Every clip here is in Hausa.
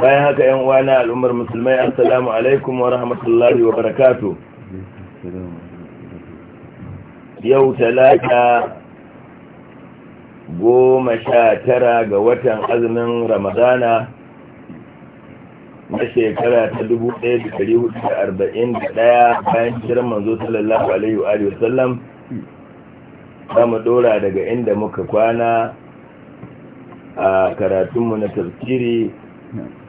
bayan haka yan uwa na al'ummar musulmai assalamu alaikum wa rahmatullahi wa barakatu yau talata goma sha tara ga watan azumin ramadana na shekara ta dubu ɗaya da hudu da arba'in da ɗaya bayan shirin manzo sallallahu alaihi wa sallam za mu ɗora daga inda muka kwana a karatunmu na tafsiri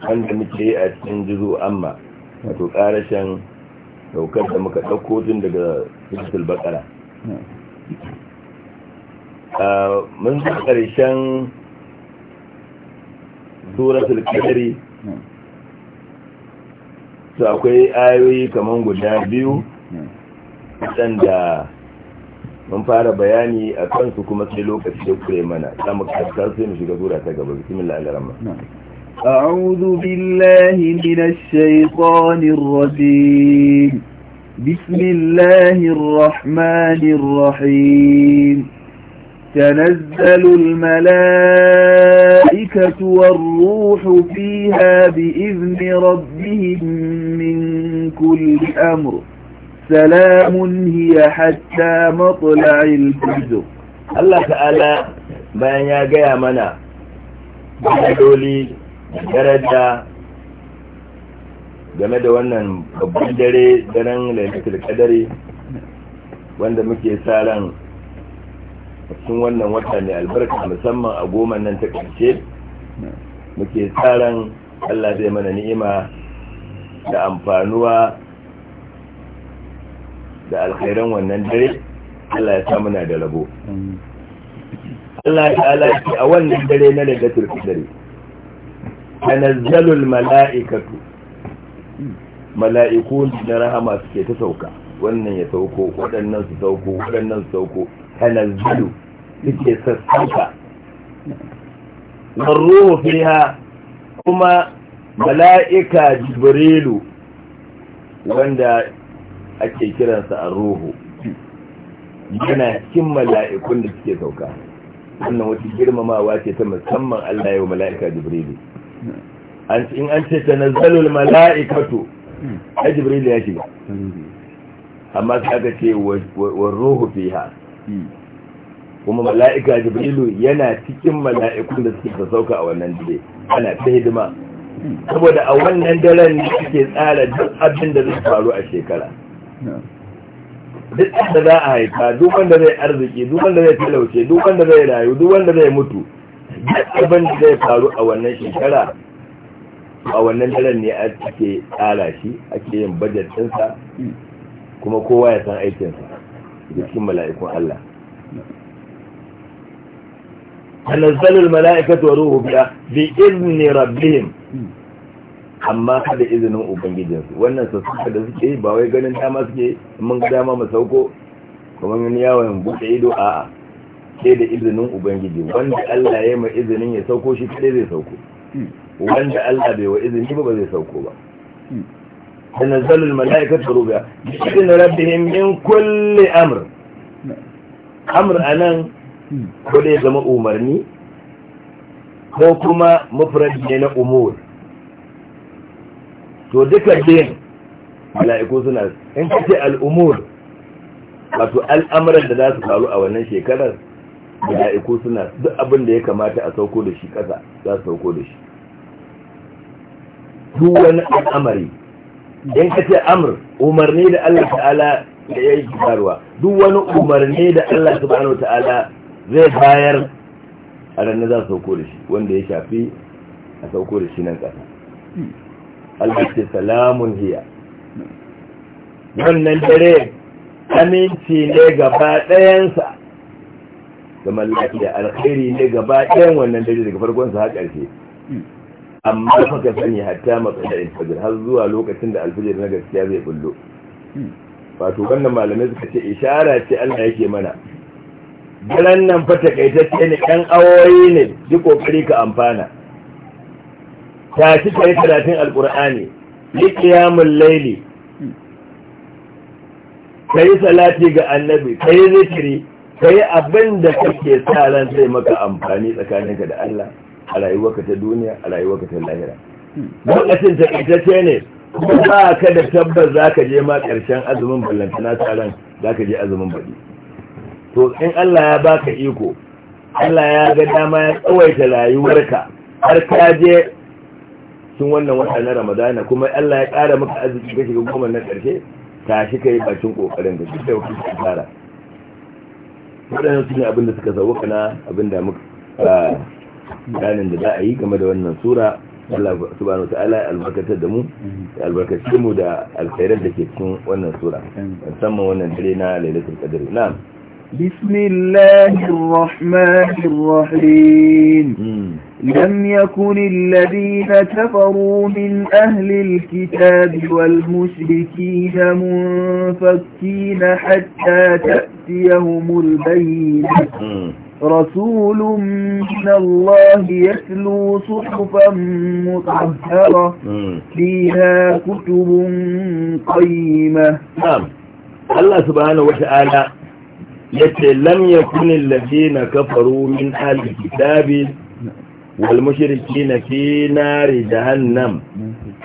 wanda muke a cikin jizo amma wato ƙarashen daukar da muka ɗauko tun daga suratul baqara mun zo ƙarshen suratul qadri su akwai ayoyi kamar guda biyu waɗanda mun fara bayani a kansu kuma sai lokaci da kure mana za mu sai mu shiga zura ta gaba bismillah ar أعوذ بالله من الشيطان الرجيم بسم الله الرحمن الرحيم تنزل الملائكة والروح فيها بإذن ربهم من كل أمر سلام هي حتى مطلع الفجر الله تعالى بأن يا منا بأن daraja game da wannan babban dare daren laifatul kadare wanda muke sa ran cikin wannan wata ne albarka musamman a goma nan ta ƙarshe muke sa ran Allah zai mana ni'ima da amfanuwa da alkhairan wannan dare Allah ya sa muna da rabo Allah ya ce a wannan dare na laifatul dare. tanazzalul mala'ikatu mala'iku na rahama suke ta sauka wannan ya sauko waɗannan su sauko waɗannan su sauko tanazzalu suke sassauka warruhu fiha kuma mala'ika jibrilu wanda ake kiransa a ruhu yana cikin mala'ikun da suke sauka wannan wata girmamawa ce ta musamman Allah yau mala'ika jibrilu in an ce tanazzalul mala'ikatu ai jibril ya shiga amma sai aka ce wa ruhu fiha kuma mala'ika jibrilu yana cikin mala'ikun da suke sauka a wannan dare ana ta hidima saboda a wannan daren ne suke tsara duk abin da zai faru a shekara duk da za a haifa duk wanda zai arziki duk wanda zai talauce duk wanda zai rayu duk wanda zai mutu duk abin da zai faru a wannan shekara a wannan daren ne ake tsara shi ake yin bajetinsa ɗinsa kuma kowa ya san aikinsa da cikin mala'ikun Allah tanazzalul mala'ikatu wa ruhu biya bi izini rabbihim amma kada izinin ubangijinsu wannan suka da suke ba wai ganin dama suke mun dama masauko. kuma mun yawon buɗe ido a'a sai da izinin ubangiji wanda Allah ya yi mai izinin ya sauko shi kadai zai sauko wanda Allah bai wa izini ba zai sauko ba تنزل الملائكة ربع بإذن ربهم من كل أمر أمر أنا ya zama umarni ko kuma mufrad ne na umur to duka din mala'iku suna in kace umur wato al'amuran da za su faru a wannan shekarar mala'iku suna duk abin da ya kamata a sauko da shi ƙasa za su sauko da shi duk wani al'amari in ka ce amr umarni da Allah ta'ala da ya yi kitarwa duk wani umarni da Allah subhanahu ta'ala zai bayar a ranar za su sauko da shi wanda ya shafi a sauko da shi nan ƙasa Allah ce salamun hiya wannan dare aminci ne gaba ɗayansa zaman lafiya alkhairi ne gaba ɗayan wannan dare daga farkon sa har ƙarshe amma fa sani hatta matsala alfajir har zuwa lokacin da alfajir na gaskiya zai bullo wato wannan malamai suka ce ishara ce Allah yake mana daren nan fa takaitacce ne ɗan awoyi ne ji kokari ka amfana ta ci kai karatun alkur'ani yi kiyamun laili ka yi salati ga annabi ka yi zikiri ka yi abin da kake sa ran zai maka amfani tsakaninka da Allah a rayuwarka ta duniya a rayuwarka ta lahira lokacin takaitacce ne kuma ba ka da tabbas za ka je ma ƙarshen azumin ballanta na tsaron za ka je azumin baɗi to in Allah ya baka iko Allah ya ga dama ya tsawaita rayuwarka har ka je sun wannan wata na Ramadana kuma Allah ya ƙara maka arziki kake ga goma na ƙarshe tashi yi bakin ƙoƙarin da duk da wakilci tsara waɗannan su ne abin da suka sauwaka na abin da muka ganin da za a yi game da wannan sura Allah subhanahu wa ta'ala albarkatar da mu albarkace mu da alkhairar da ke cikin wannan sura musamman wannan dare na lailatul qadr na'am بسم الله الرحمن الرحيم لم يكن الذين كفروا من أهل الكتاب والمشركين منفكين حتى تأتيهم البين رسول من الله يتلو صحفا مطهرة فيها كتب قيمة نعم الله سبحانه وتعالى yace lam yakun alladhina kafaru min ahli kitabi wal mushrikina fi nari jahannam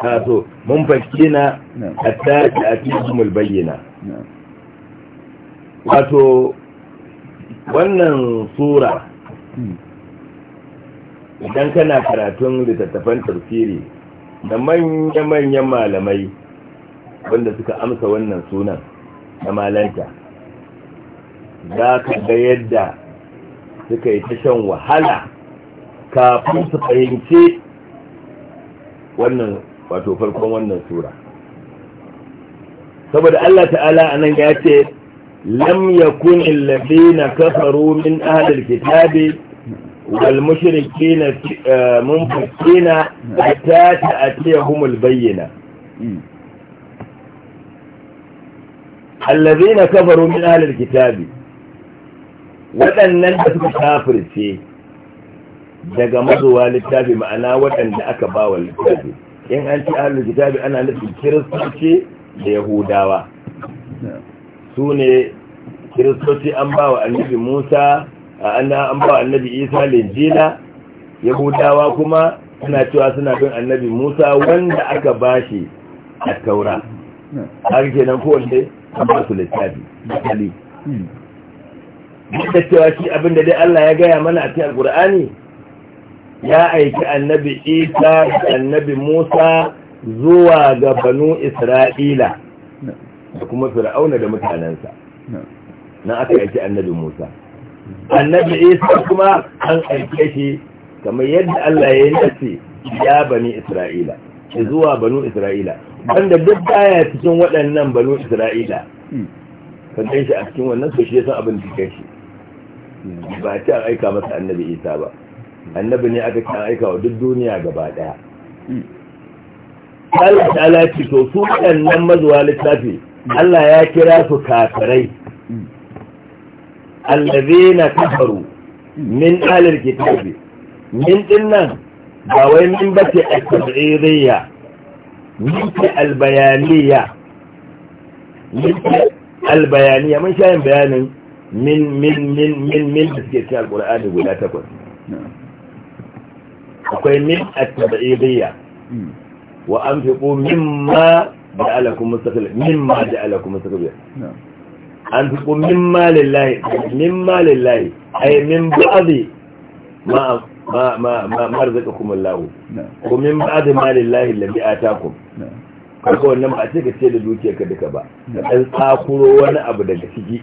kaso ah, mun fakkina hatta ta'tihum al bayyina wato wannan sura hmm. idan kana karatun littattafan tafsiri da manya-manyan malamai wanda suka amsa wannan sunan na malanta za ka ga yadda suka yi ta shan wahala kafin su fahimci wannan wato farkon wannan sura saboda Allah ta'ala a nan ya ce lam yakun na kafaru min ahlil kitabi wal mushrikina eh, munfikina hatta ta'tiyahum al bayyina allazina kafaru min ahlil kitabi waɗannan da suka kafirce daga mazuwa littafi ma'ana waɗanda aka ba wa littafi in an ci ahalin littafi ana nufin kiristoci da yahudawa su ne kiristoci an ba wa annabi musa an ba wa annabi isa linjila yahudawa kuma suna cewa suna bin annabi musa wanda aka ba shi a taura har nan kowanne an ba su littafi duk da cewa shi abinda dai Allah ya gaya mana a cikin alkur'ani ya aiki annabi isa annabi musa zuwa ga banu isra'ila da kuma fir'auna da mutanensa Nan aka aiki annabi musa annabi isa kuma an aike shi kamar yadda Allah ya nace ya bani isra'ila zuwa banu isra'ila wanda duk baya cikin waɗannan banu isra'ila kan shi a cikin wannan so shi ya san abin da kai shi ba ta aika masa annabi isa ba annabi ne aka kan aika wa duk duniya gaba daya Allah ta lati to su waɗannan mazuwa littafi Allah ya kira su kafirai na kafaru min alil kitabi min dinnan ba wai min bace al-tabiriyya min ce al-bayaniyya min ce al-bayaniyya mun shayin bayanin min min min min min da suke cikin alkur'ani guda takwas akwai min at-tabi'iyya wa anfiqu mimma ja'alakum mustaqbil mimma ja'alakum mustaqbil min ma lillahi Min ma lillahi ay min ba'di ma ma ma ma marzaqakum Allah ko min ba'di ma lillahi alladhi atakum kaga wannan ba a ce ka ce da dukiyarka duka ba ka dan tsakuro wani abu daga ciki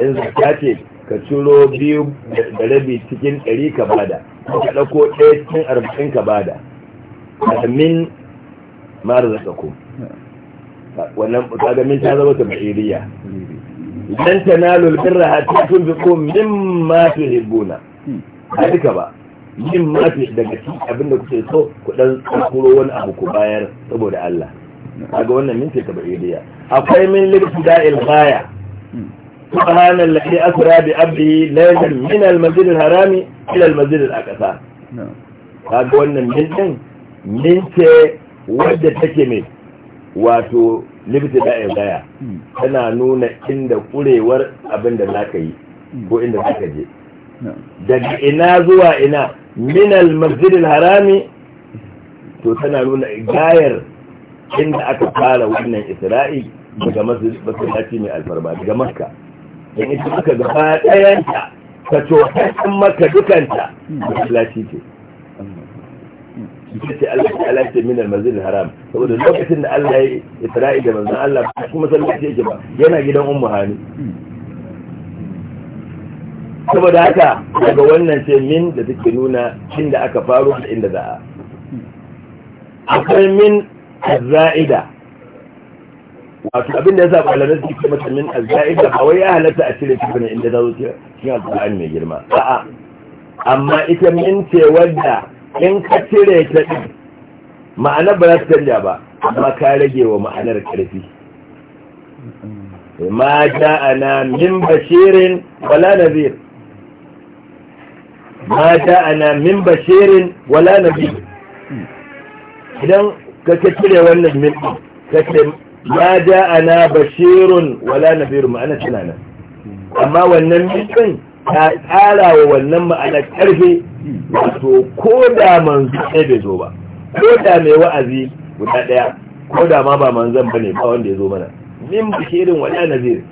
in zakka ce ka ciro biyu da rabi cikin ɗari ka bada ka ɗauko ɗaya cikin arba'in ka bada min zaka ko. wannan kaga min ta zama tabiriya lan tanalu albirra min ma fi hibbuna a duka ba Min ma fi daga ci abinda kuke so ku ɗan tsakuro wani abu ku bayar saboda Allah kaga wannan min ce tabiriya akwai min lirfi da'il baya سبحان الذي أسرى بأبه ليلا من المسجد الحرام إلى المسجد الأقصى kaga wannan min min ce wadda take mai wato libti da ibaya tana nuna inda kurewar abin da zaka yi ko inda zaka je daga ina zuwa ina min al harami to tana nuna gayar inda aka fara wannan isra'i daga masallaci mai alfarba daga makka da ita suka gaba ɗayanta ka cokan maka dukanta masallaci ce ita ce Allah ta alaƙa min almazin haram saboda lokacin da Allah ya isra'i da manzon Allah ba kuma sallaci yake ba yana gidan ummu hani saboda haka daga wannan ce min da take nuna inda aka faru da inda za'a akwai min azza'ida wato abin da ya sa malamai suke mata min azzaida ba wai ya halatta a cire cikin inda ne inda zazo cikin alqur'ani mai girma a'a amma ita min ce wadda in ka cire ta din ma'ana ba za ta canja ba amma ka rage wa ma'anar ƙarfi. ma ana min bashirin wala nadhir ma ana min bashirin wala nadhir idan ka cire wannan min ka ce Ya ja ana bashirun wala nadhirun ma'ana tana nan amma wannan mutum ta tsara wa wannan ma'ana karfe wato ko da manzu sai bai zo ba ko da mai wa'azi guda ɗaya, ko da ma ba ba ne ba wanda ya zo mana min bashirun wala na nadhir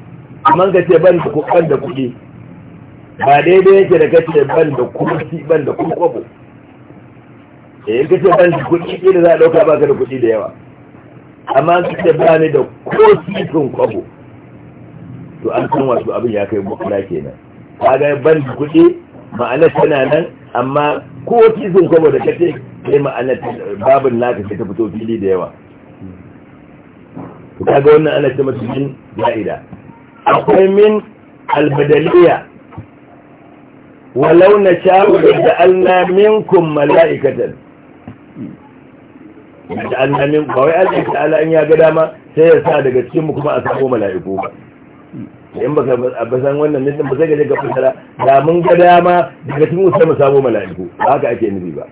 amma ka ce ban da kuɗi da kuɗi ba daidai yake da kace ban da kursi ban da kurkwabo eh kace ban da kuɗi da za a dauka baka da kuɗi da yawa amma suke bani da ko sisin kwabo to an san wasu abin ya kai bukura kenan ga ban kuɗi ma'anar tana nan amma ko sisin kwabo da kace kai ma'anar babin naka sai ta fito fili da yawa to ga wannan ana cewa cikin min akwai min albadaliya walau na sha'u da ja'alna minkum mala'ikatan da annamin ba wai Allah ta'ala ya ga dama sai ya sa daga cikinmu kuma a samu mala'iku ba in ba ba basan wannan ne ba sai ga ka fasara da mun ga dama daga cikin sai mu samu mala'iku ba haka ake nufi ba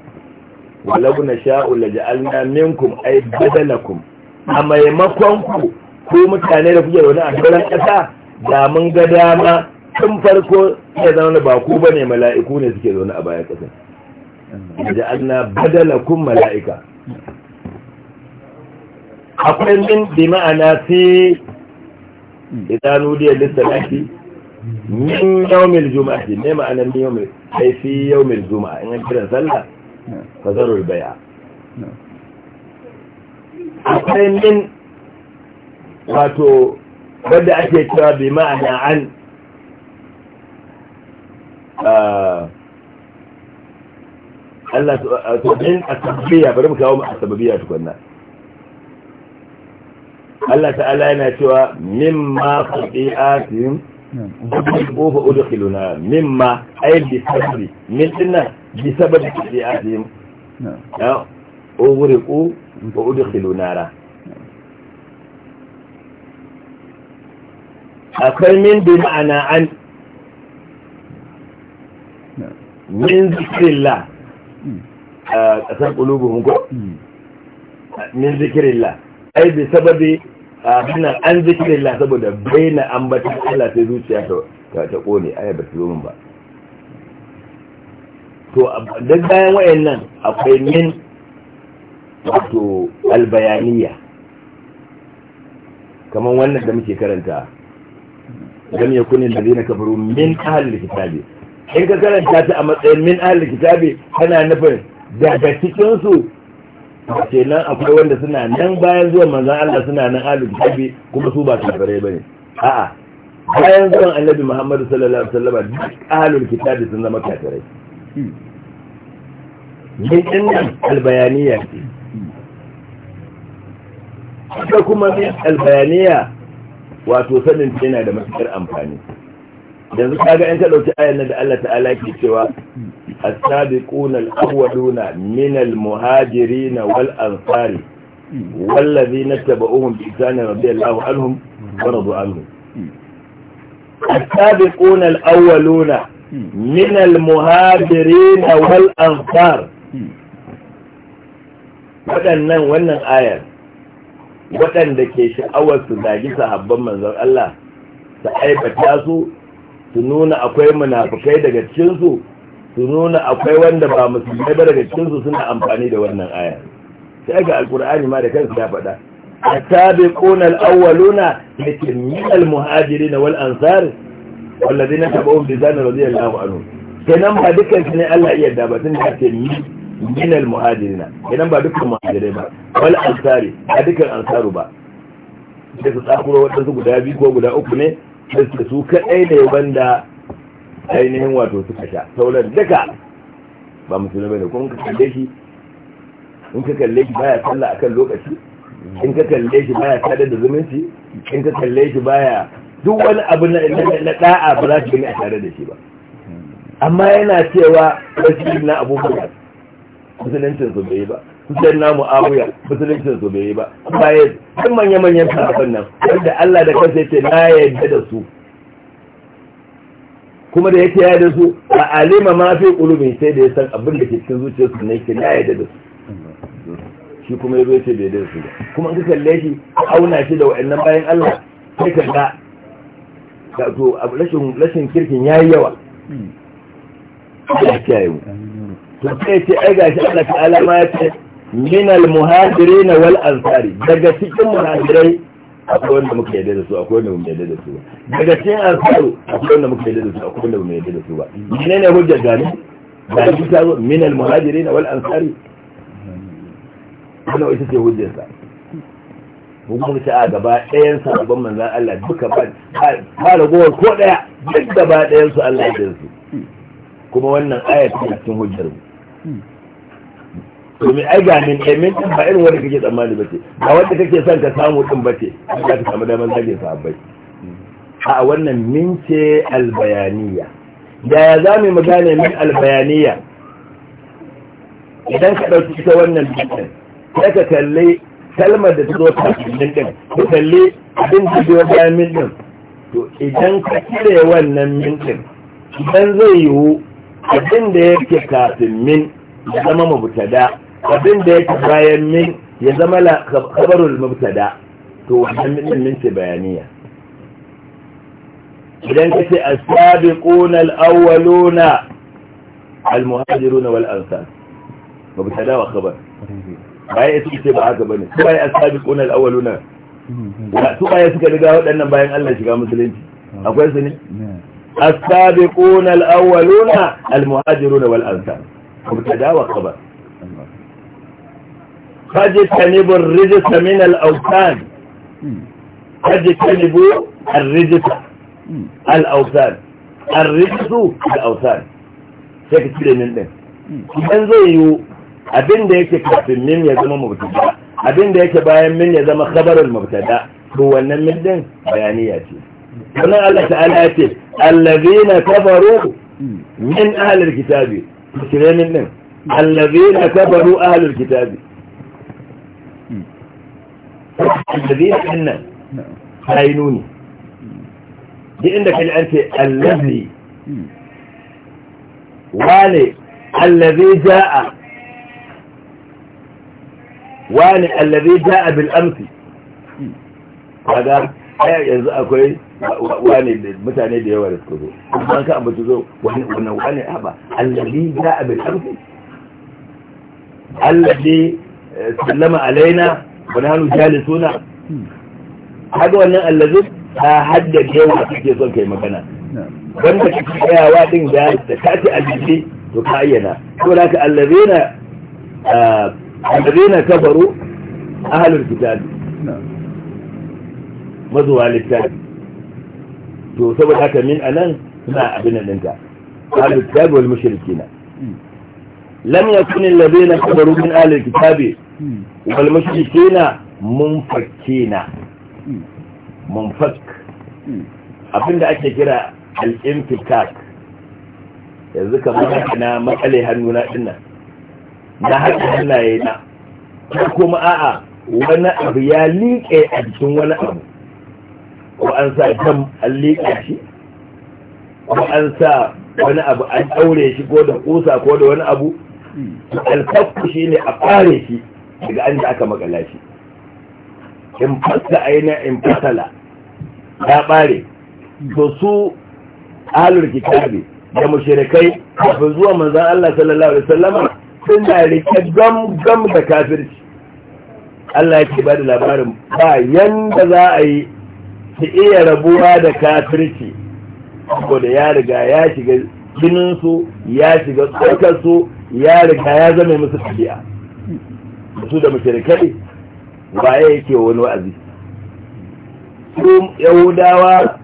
walau na sha'u la ja'alna minkum ay badalakum a maimakon ku ku mutane da kuke wani a sauran ƙasa da mun ga dama tun farko ya zaune ba ku bane mala'iku ne suke zaune a baya ƙasa ja'alna badalakum mala'ika akwai min bi ma'ana fi idan nudiya lissalaki min yawmil juma'ati ne ma'ana min yawmil kai fi yawmil juma'a in an kira sallah ka zarul bai'a akwai min wato wadda ake cewa bi ma'ana an Allah ɗin a sababiyya bari mu kawo mu sababiyya tukunna Allah ta'ala yana cewa mimma khati'atin kofa udkhiluna mimma ay bi sabri min dinna bi sababi khati'atin ya ughriqu fa udkhiluna ra akwai min bi ma'ana an min zikrillah hmm. a kasar qulubuhum ko hmm. min zikrillah ai bi sababi abinan an zikin la saboda baina ambatan Allah sai zuciya ta kone a ba su zo ba to duk bayan wayannan akwai min wato albayaniya kamar wannan da muke karanta gam kunin da zai na kafaru min da kitabe. in ka karanta ta a matsayin min da kitabe kana nufin daga cikinsu nan, akwai wanda suna nan bayan zuwan manzan Allah suna nan alif kitabi kuma su ba kafirai bane a'a bayan zuwan annabi Muhammad sallallahu alaihi wasallam duk ahlul kitabi sun zama kafirai min innan albayaniya ce kuma ne albayaniya wato sanin yana da matakar amfani yanzu kaga in ka dauki ayan da Allah ta'ala ke cewa السابقون الأولون من المهاجرين والأنصار والذين اتبعوهم بإسان رضي الله عنهم ورضوا عنهم السابقون الأولون من المهاجرين والأنصار waɗannan wannan ayar waɗanda ke sha'awar su zagi sahabban manzon Allah su aibata su su nuna akwai munafukai daga cikin su su nuna akwai wanda ba musulmai ba daga cikinsu suna amfani da wannan aya sai ga alkur'ani ma da kansu ya faɗa a tabi ƙonar awwaluna da ke muhajirin muhajiri na wal ansar wallazi na taɓa wani bizana raziyar lahu kenan ba dukkan shi ne allah iya da tun da ake minal muhajiri na kenan ba dukkan muhajirai ba wal ansari ba dukkan ansaru ba da su tsakuro waɗansu guda biyu ko guda uku ne da su kaɗai ne wanda ainihin wato suka sha sauran daga ba musulmi ne kuma ka kalle shi in ka kalle shi baya sallah akan lokaci in ka kalle shi baya sadar da zumunci in ka kalle shi baya duk wani abu na da'a ba za su gani a tare da shi ba amma yana cewa wasu na abubuwa musulunci su bai ba kusan na mu'awiya musulunci su bai yi ba bayan sun manya-manyan sa'afan nan wanda Allah da kansa ya ce na yadda da su kuma da yake yada su a alima ma fi kulubin sai da ya san abin da ke cikin zuciyarsu ne ke na yada da su shi kuma ya zo ce bai da su ba kuma an ka kalle shi auna shi da wa'annan bayan Allah sai ka ga da to rashin kirkin kirkin yayi yawa Allah kiyaye mu to sai ce ai gashi Allah ta'ala ma ya ce min al-muhajirin wal ansari daga cikin muhajirai akwai wanda muka yadda da su akwai wanda muka yadda da su ba daga cikin ansaru akwai wanda muka yadda da su akwai wanda muka yadda da su ba mene ne hujjar gani gani ta zo min al muhajirin wal ansari wannan ita ce hujjar sa hukumar ta a gaba ɗayan sabon manzan Allah duka ba ba ragowar ko ɗaya duk gaba ɗayan su Allah ya su kuma wannan ayat ta cikin hujjar mu domin ai ga min emin din ba irin wanda kake tsammani ba ce ba wanda kake son ka samu din ba ce za ka samu damar sa bai a wannan min ce albayaniya yaya za mu gane min albayaniya idan ka ɗauki ita wannan bitin sai ka kalli kalmar da ta zo kafin din ka kalli abin da biyo bayan min din to idan ka kire wannan min din idan zai yiwu abin da yake kafin min ya zama mabutada abin da yake bayan min ya zama khabarul mubtada to wannan min min ce bayaniya idan ka ce as-sabiquna al-awwaluna al-muhajiruna wal ansar mubtada wa khabar bai su ce ba haka bane su bai as-sabiquna al-awwaluna su bai suka riga waɗannan bayan Allah shiga musulunci akwai su ne as-sabiquna al-awwaluna al-muhajiruna wal ansar mubtada wa khabar Kaji فاجتنبوا الرجس من الأوثان فاجتنبوا الرجس الأوثان الرجس الأوثان sai ka cire min ɗin. idan zai yiwu abinda yake kafin min ya zama mubtada abinda yake bayan min ya zama khabarul mubtada to wannan min ɗin bayaniya ce wannan Allah ta'ala ya ce allazina kafaru min ahlil kitabi cire min din allazina kafaru ahlil kitabi الذين عنا هينوني دي عندك العرف الذي والي الذي جاء والي الذي جاء بالأمس هذا يزأك والي متعني دي والد كذو وانا كأم بتزو والي والي أبا الذي جاء بالأمس الذي سلم علينا ونحن جالسون هذا وانا اللذب هاهد جيوه حقيقي يصول كي مكانا نعم. وانا تكتبها واتن جالس تأتي الجزي تقاينا ولك الذين آه، الذين كفروا أهل الكتاب نعم. مضوا على الكتاب تصبح من أنا ما أبنى الانتاب أهل الكتاب والمشركين lam yakun alladhina kafaru min ahli alkitabi wal mushrikeena munfakkina munfak abinda ake kira al-infikak yanzu kamar haka na matsale hannu na dinnan na haka hannaye na ko kuma a'a wani abu ya liƙe a jikin wani abu ko an sa jam an liƙa shi ko an sa wani abu an ɗaure shi ko da ƙusa ko da wani abu alkafku shi ne a ƙare shi daga an da aka makala shi in fasa aina in fasala ya ɓare, to su alur kitabi da mashirikai kafin zuwa manzan Allah sallallahu alaihi wasallama suna rike gam gam da kafirci Allah ya ke ba da labarin ba yanda za a yi su iya rabuwa da kafirci saboda ya riga ya shiga jininsu ya shiga tsokarsu ya riga ya zama musu tabi'a su da ba ya yake wani wa'azi su yahudawa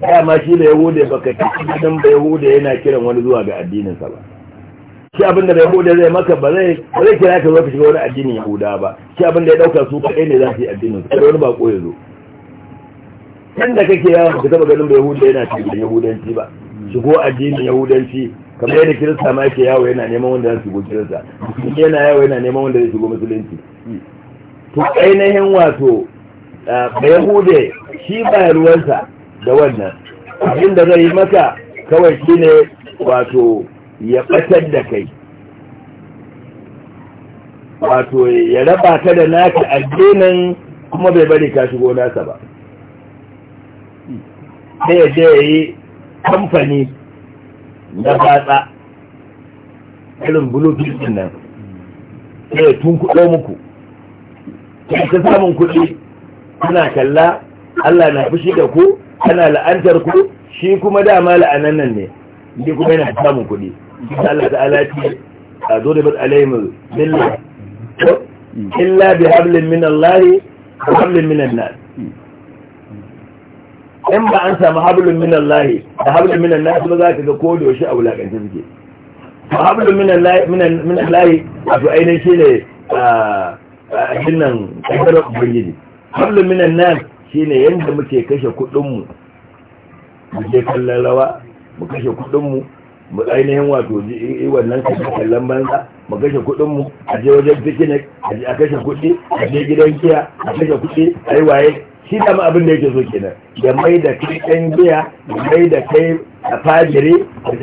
dama shi da yahuda ba ka cikin ba yahuda yana kiran wani zuwa ga addininsa ba shi abinda bai yahuda zai maka ba zai kira ka zo ka shiga wani addinin yahuda ba shi abinda ya dauka su kaɗai ne za su yi addinin su wani ba ya zo da kake yawon ka taba ganin bai yahuda yana cikin yahudanci ba shigo addinin yahudanci kamar yadda kirista ma yake yawo yana neman wanda zai shigo kirista yana yawo yana neman wanda zai shigo musulunci to ainihin wato da yahude shi ba ruwansa da wannan abin da zai yi maka kawai shi ne wato ya ɓatar da kai wato ya raba ka da naka addinin kuma bai bari ka shigo nasa ba sai ya je ya yi kamfani na fatsa irin bulofin nan sai tun kuɗo muku Ta ta samun kuɗi ana kalla Allah na fushi da ku kana la'antar ku shi kuma dama la'anan nan ne ni kuma yana samun kuɗi Allah ta'ala ce a zo da bat alaihim billah illa bi hablin min Allah wa hablin min an-nas in ba an samu hablun minan lahi da hablun minan na su za ka ga ko da yaushe a wulakance suke ba hablun minan lahi wato ainihin shi ne a nan ƙasar ubangiji hablun minan na shi ne yadda muke kashe kuɗinmu mu je kallon rawa mu kashe kuɗinmu mu ainihin wato ji wannan kallon banza mu kashe kuɗin mu a je wajen picnic a kashe kuɗi a je gidan kiya a kashe kuɗi a yi waye shi dama abin da yake so kenan da mai da kai ɗan giya da mai da kai a fajiri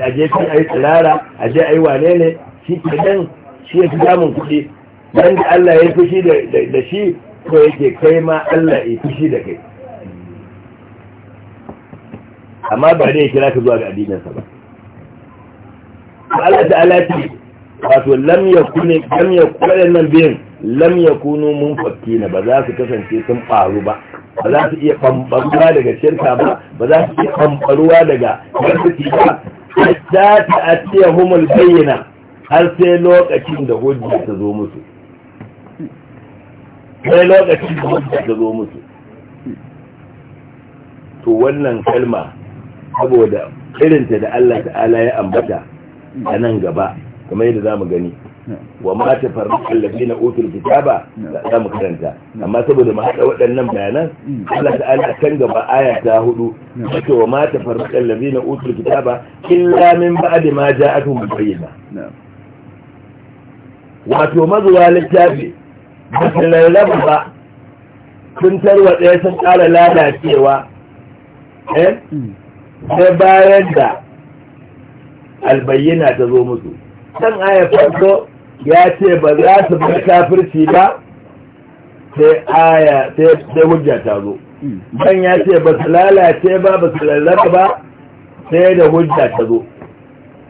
a je kai a yi tsirara a je a yi wane ne shi kenan shi ya fi damun kuɗi dan da Allah ya fushi da shi ko yake kai ma Allah ya fushi da kai amma ba dai ya kira ka zuwa ga addininsa ba Allah ta'ala ce wato lam yakuni lam yakunu nan biyan lam yakunu munfakkina ba za su kasance sun faru ba ba za su iya ɓamɓaruwa daga shirka ba ba za su iya ɓamɓaruwa daga yarfuki ba hatta ta atiya humul bayyana har sai lokacin da hujji ta zo musu sai lokacin da ta zo musu to wannan kalma saboda irinta da Allah ta'ala ya ambata a nan gaba kamar yadda za mu gani wa mata ta farma na otul kitaba za mu karanta amma saboda mu haɗa waɗannan bayanan Allah ta'ala kan gaba aya ta hudu yake wa mata ta farma na otul kitaba illa min ba'di ma ja ja'atuhum bayyina wato mazuwa littafi ba su rarraba ba sun tarwa ɗaya sun ƙara lalacewa eh sai bayan da albayyana ta zo musu kan aya farko ya ce ba za su bar kafirci ba sai aya sai hujja ta zo ban ya ce ba su lalace ba ba su lalata ba sai da hujja ta zo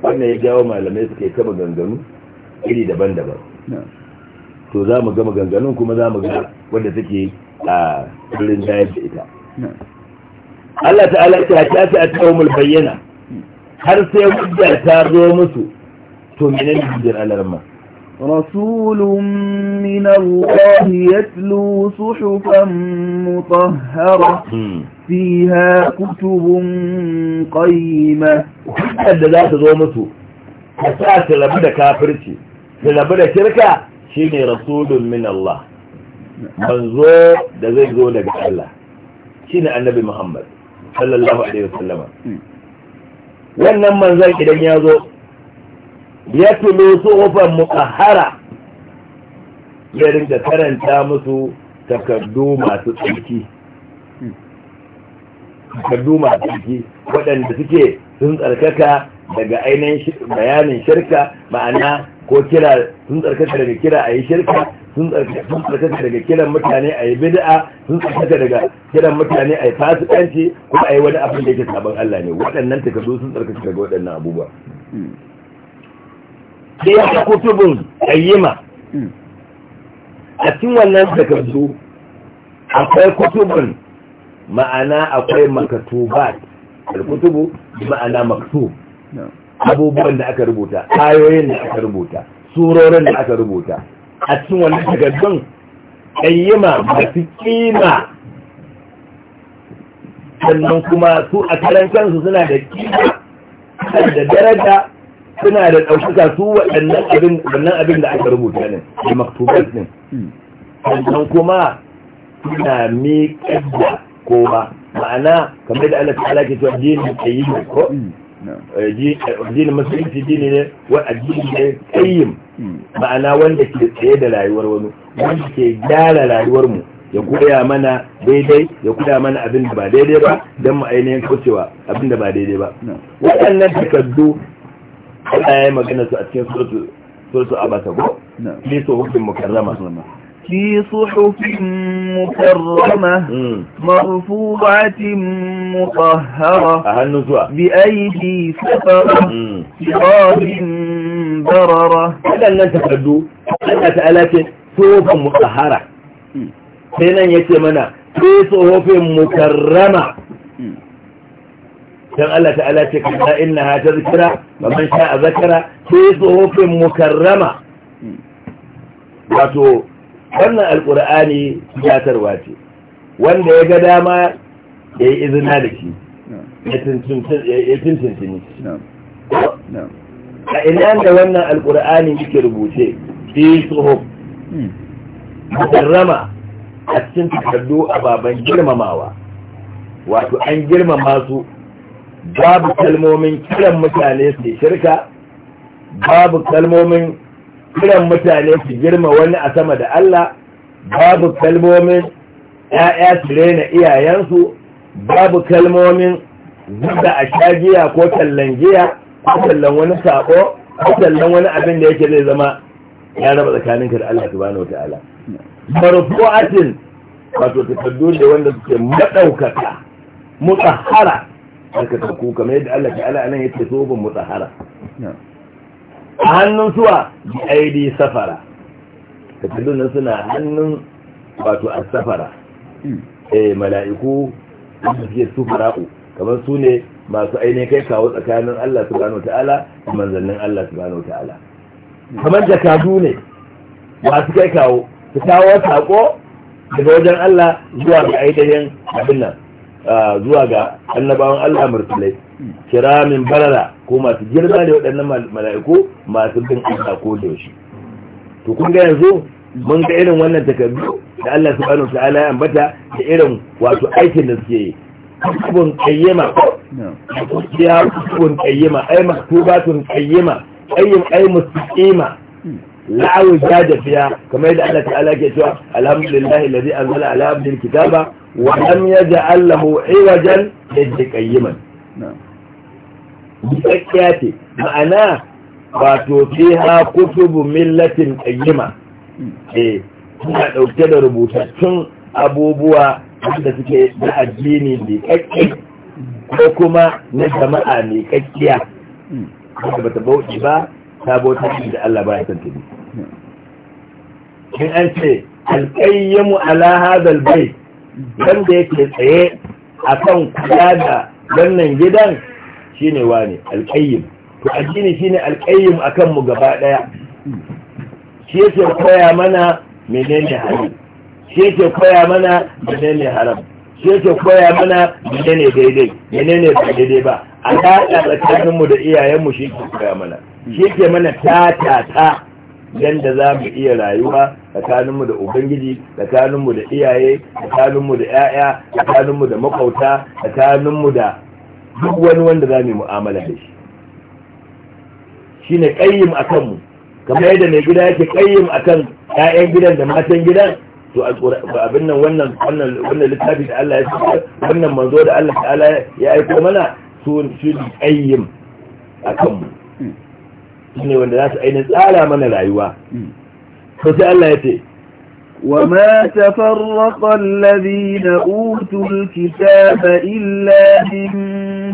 wannan ya jawo malamai suke kama ganganu iri daban-daban to za mu gama ganganun kuma za mu ga wadda suke a turin jayar da ita Allah ta'ala ta ta ta cikin umul bayyana har sai hujja ta zo musu to menene hujjar alarma رسول من الله يتلو صحفا مطهرة فيها كتب قيمة وحد لا تزومته أساس لابد كافرتي لابد شركة شيني رسول من الله منظور دزي زولة الله شيني النبي محمد sallallahu alaihi wasallama wannan manzon idan ya zo ya tilo tsohon mukahara ya ringa karanta musu takardu masu tsarki takardu masu tsarki waɗanda suke sun tsarkaka daga ainihin bayanin shirka ma'ana ko kira sun tsarkaka daga kira a yi shirka sun tsarkaka daga kiran mutane a yi bid'a sun tsarkaka daga kiran mutane a yi fasikanci ko a yi wani abin da yake sabon Allah ne waɗannan takardu sun tsarkaka daga waɗannan abubuwa da ya kutubun ayyima hmm. a cikin wannan takardu akwai kutubun ma'ana akwai makatubat al-kutubu ma'ana maktub abubuwan da aka rubuta ayoyin da aka rubuta surorin da aka rubuta a cikin wannan takardun ayyima masu kima sannan kuma su a karancansu suna da kima da daraja suna da ɗaukaka su waɗannan abin wannan abin da aka rubuta ne da maktubar ne sannan kuma suna miƙar da kowa ma'ana kamar da Allah ta'ala ke cewa jini kayyim ko mm, eh, jini musulunci jini ne wa jini ne kayyim mm. ma'ana wanda ke tsaye da rayuwar wani wanda ke gyara rayuwar mu ya koya mana daidai ya koya mana abin da ba daidai ba don mu ainihin kaucewa abin da ba daidai ba waɗannan takardu Allah ya magana su a cikin sursu a basa go, fi suhufin mukarrama. Fi suhufin mukarrama, hmm. marufubatin mukahara, a hannun zuwa, bi aiki safara, hmm. tsarin barara. Waɗannan takardu, Allah ta alace, tsohon mukahara, hmm. sai nan ya ce mana, fi suhufin mukarrama. dan Allah ta'ala ce kana innaha tazkira wa man sha'a zakara fi zuhufin mukarrama wato wannan alqur'ani tiyatarwa ce wanda ya ga dama ya yi izina da shi ya tuntuntuni a ina da wannan alkur'ani yake rubuce fi tsohon hmm. mutarrama a cikin takardu a baban girmamawa wato an girmama su babu kalmomin kiran mutane su shirka babu kalmomin kiran mutane su girma wani a sama da Allah babu kalmomin ‘ya'ya su rena iyayensu babu kalmomin zuba a shagiya ko tallan giya ko tallan wani sako ko tallan wani abin da yake zai zama ya raba tsakaninka da Allah subhanahu wa ta'ala marfu'atin wato takardu da wanda suke madaukaka mutahara aka sauko kamar yadda Allah ta'ala anan yake soban mutahara a hannun suwa bi aidi safara takardun nan suna hannun wato a safara hmm. eh mala'iku su ke sufara'u kamar su ne masu ainihin kai kawo tsakanin Allah subhanahu ta'ala da manzannin Allah subhanahu ta'ala hmm. kamar jakadu ne masu kai kawo su kawo sako daga wajen Allah zuwa ga aidayen abin nan zuwa ga annabawan Allah mursalai kiramin barara ko masu girma da waɗannan mala'iku masu bin Allah ko da yaushe to kun ga yanzu mun ga irin wannan takardu da Allah subhanahu ta'ala ya ambata da irin wato aikin da suke yi kubun kayyama ya kubun kayyama ai maktubatun kayyama ai mustaqima la'awu ya da fiya kamar yadda Allah ta'ala ke cewa alhamdulillahi alladhi anzala ala abdihi kitaba wa lam yaj'al lahu iwajan yadda qayyiman tsakiya ce ma'ana wato fiha kutubu millatin qayyima eh suna dauke da rubutattun abubuwa da suke na addini mai kakki ko kuma na jama'a mai kakkiya ba ta bauɗi ba sabo ta da Allah ba ya san tabi in an ce alƙayyamu ala hadal bai wanda yake tsaye akan kula da wannan gidan shine wane alƙayyim to addini shine alƙayyim akan mu gaba daya shi yake koya mana menene hali shi yake koya mana menene haram shi yake koya mana menene daidai menene ba daidai ba alaƙa tsakaninmu da iyayenmu shi ke koya mana shi ke mana tatata yadda za mu iya rayuwa tsakaninmu da ubangiji tsakaninmu da iyaye tsakaninmu da 'ya'ya tsakaninmu da makauta tsakaninmu da duk wani wanda za mu yi mu'amala da shi shi ne ƙayyim a kanmu kamar yadda mai gida yake ƙayyim a kan 'ya'yan gidan da matan gidan to abin nan wannan wannan littafi da Allah ya ce wannan manzo da Allah ta'ala ya aiko mana su su ƙayyim a kanmu ne wanda za su ainihin tsara mana rayuwa to sai Allah ya ce وما تفرق الذين أوتوا الكتاب إلا من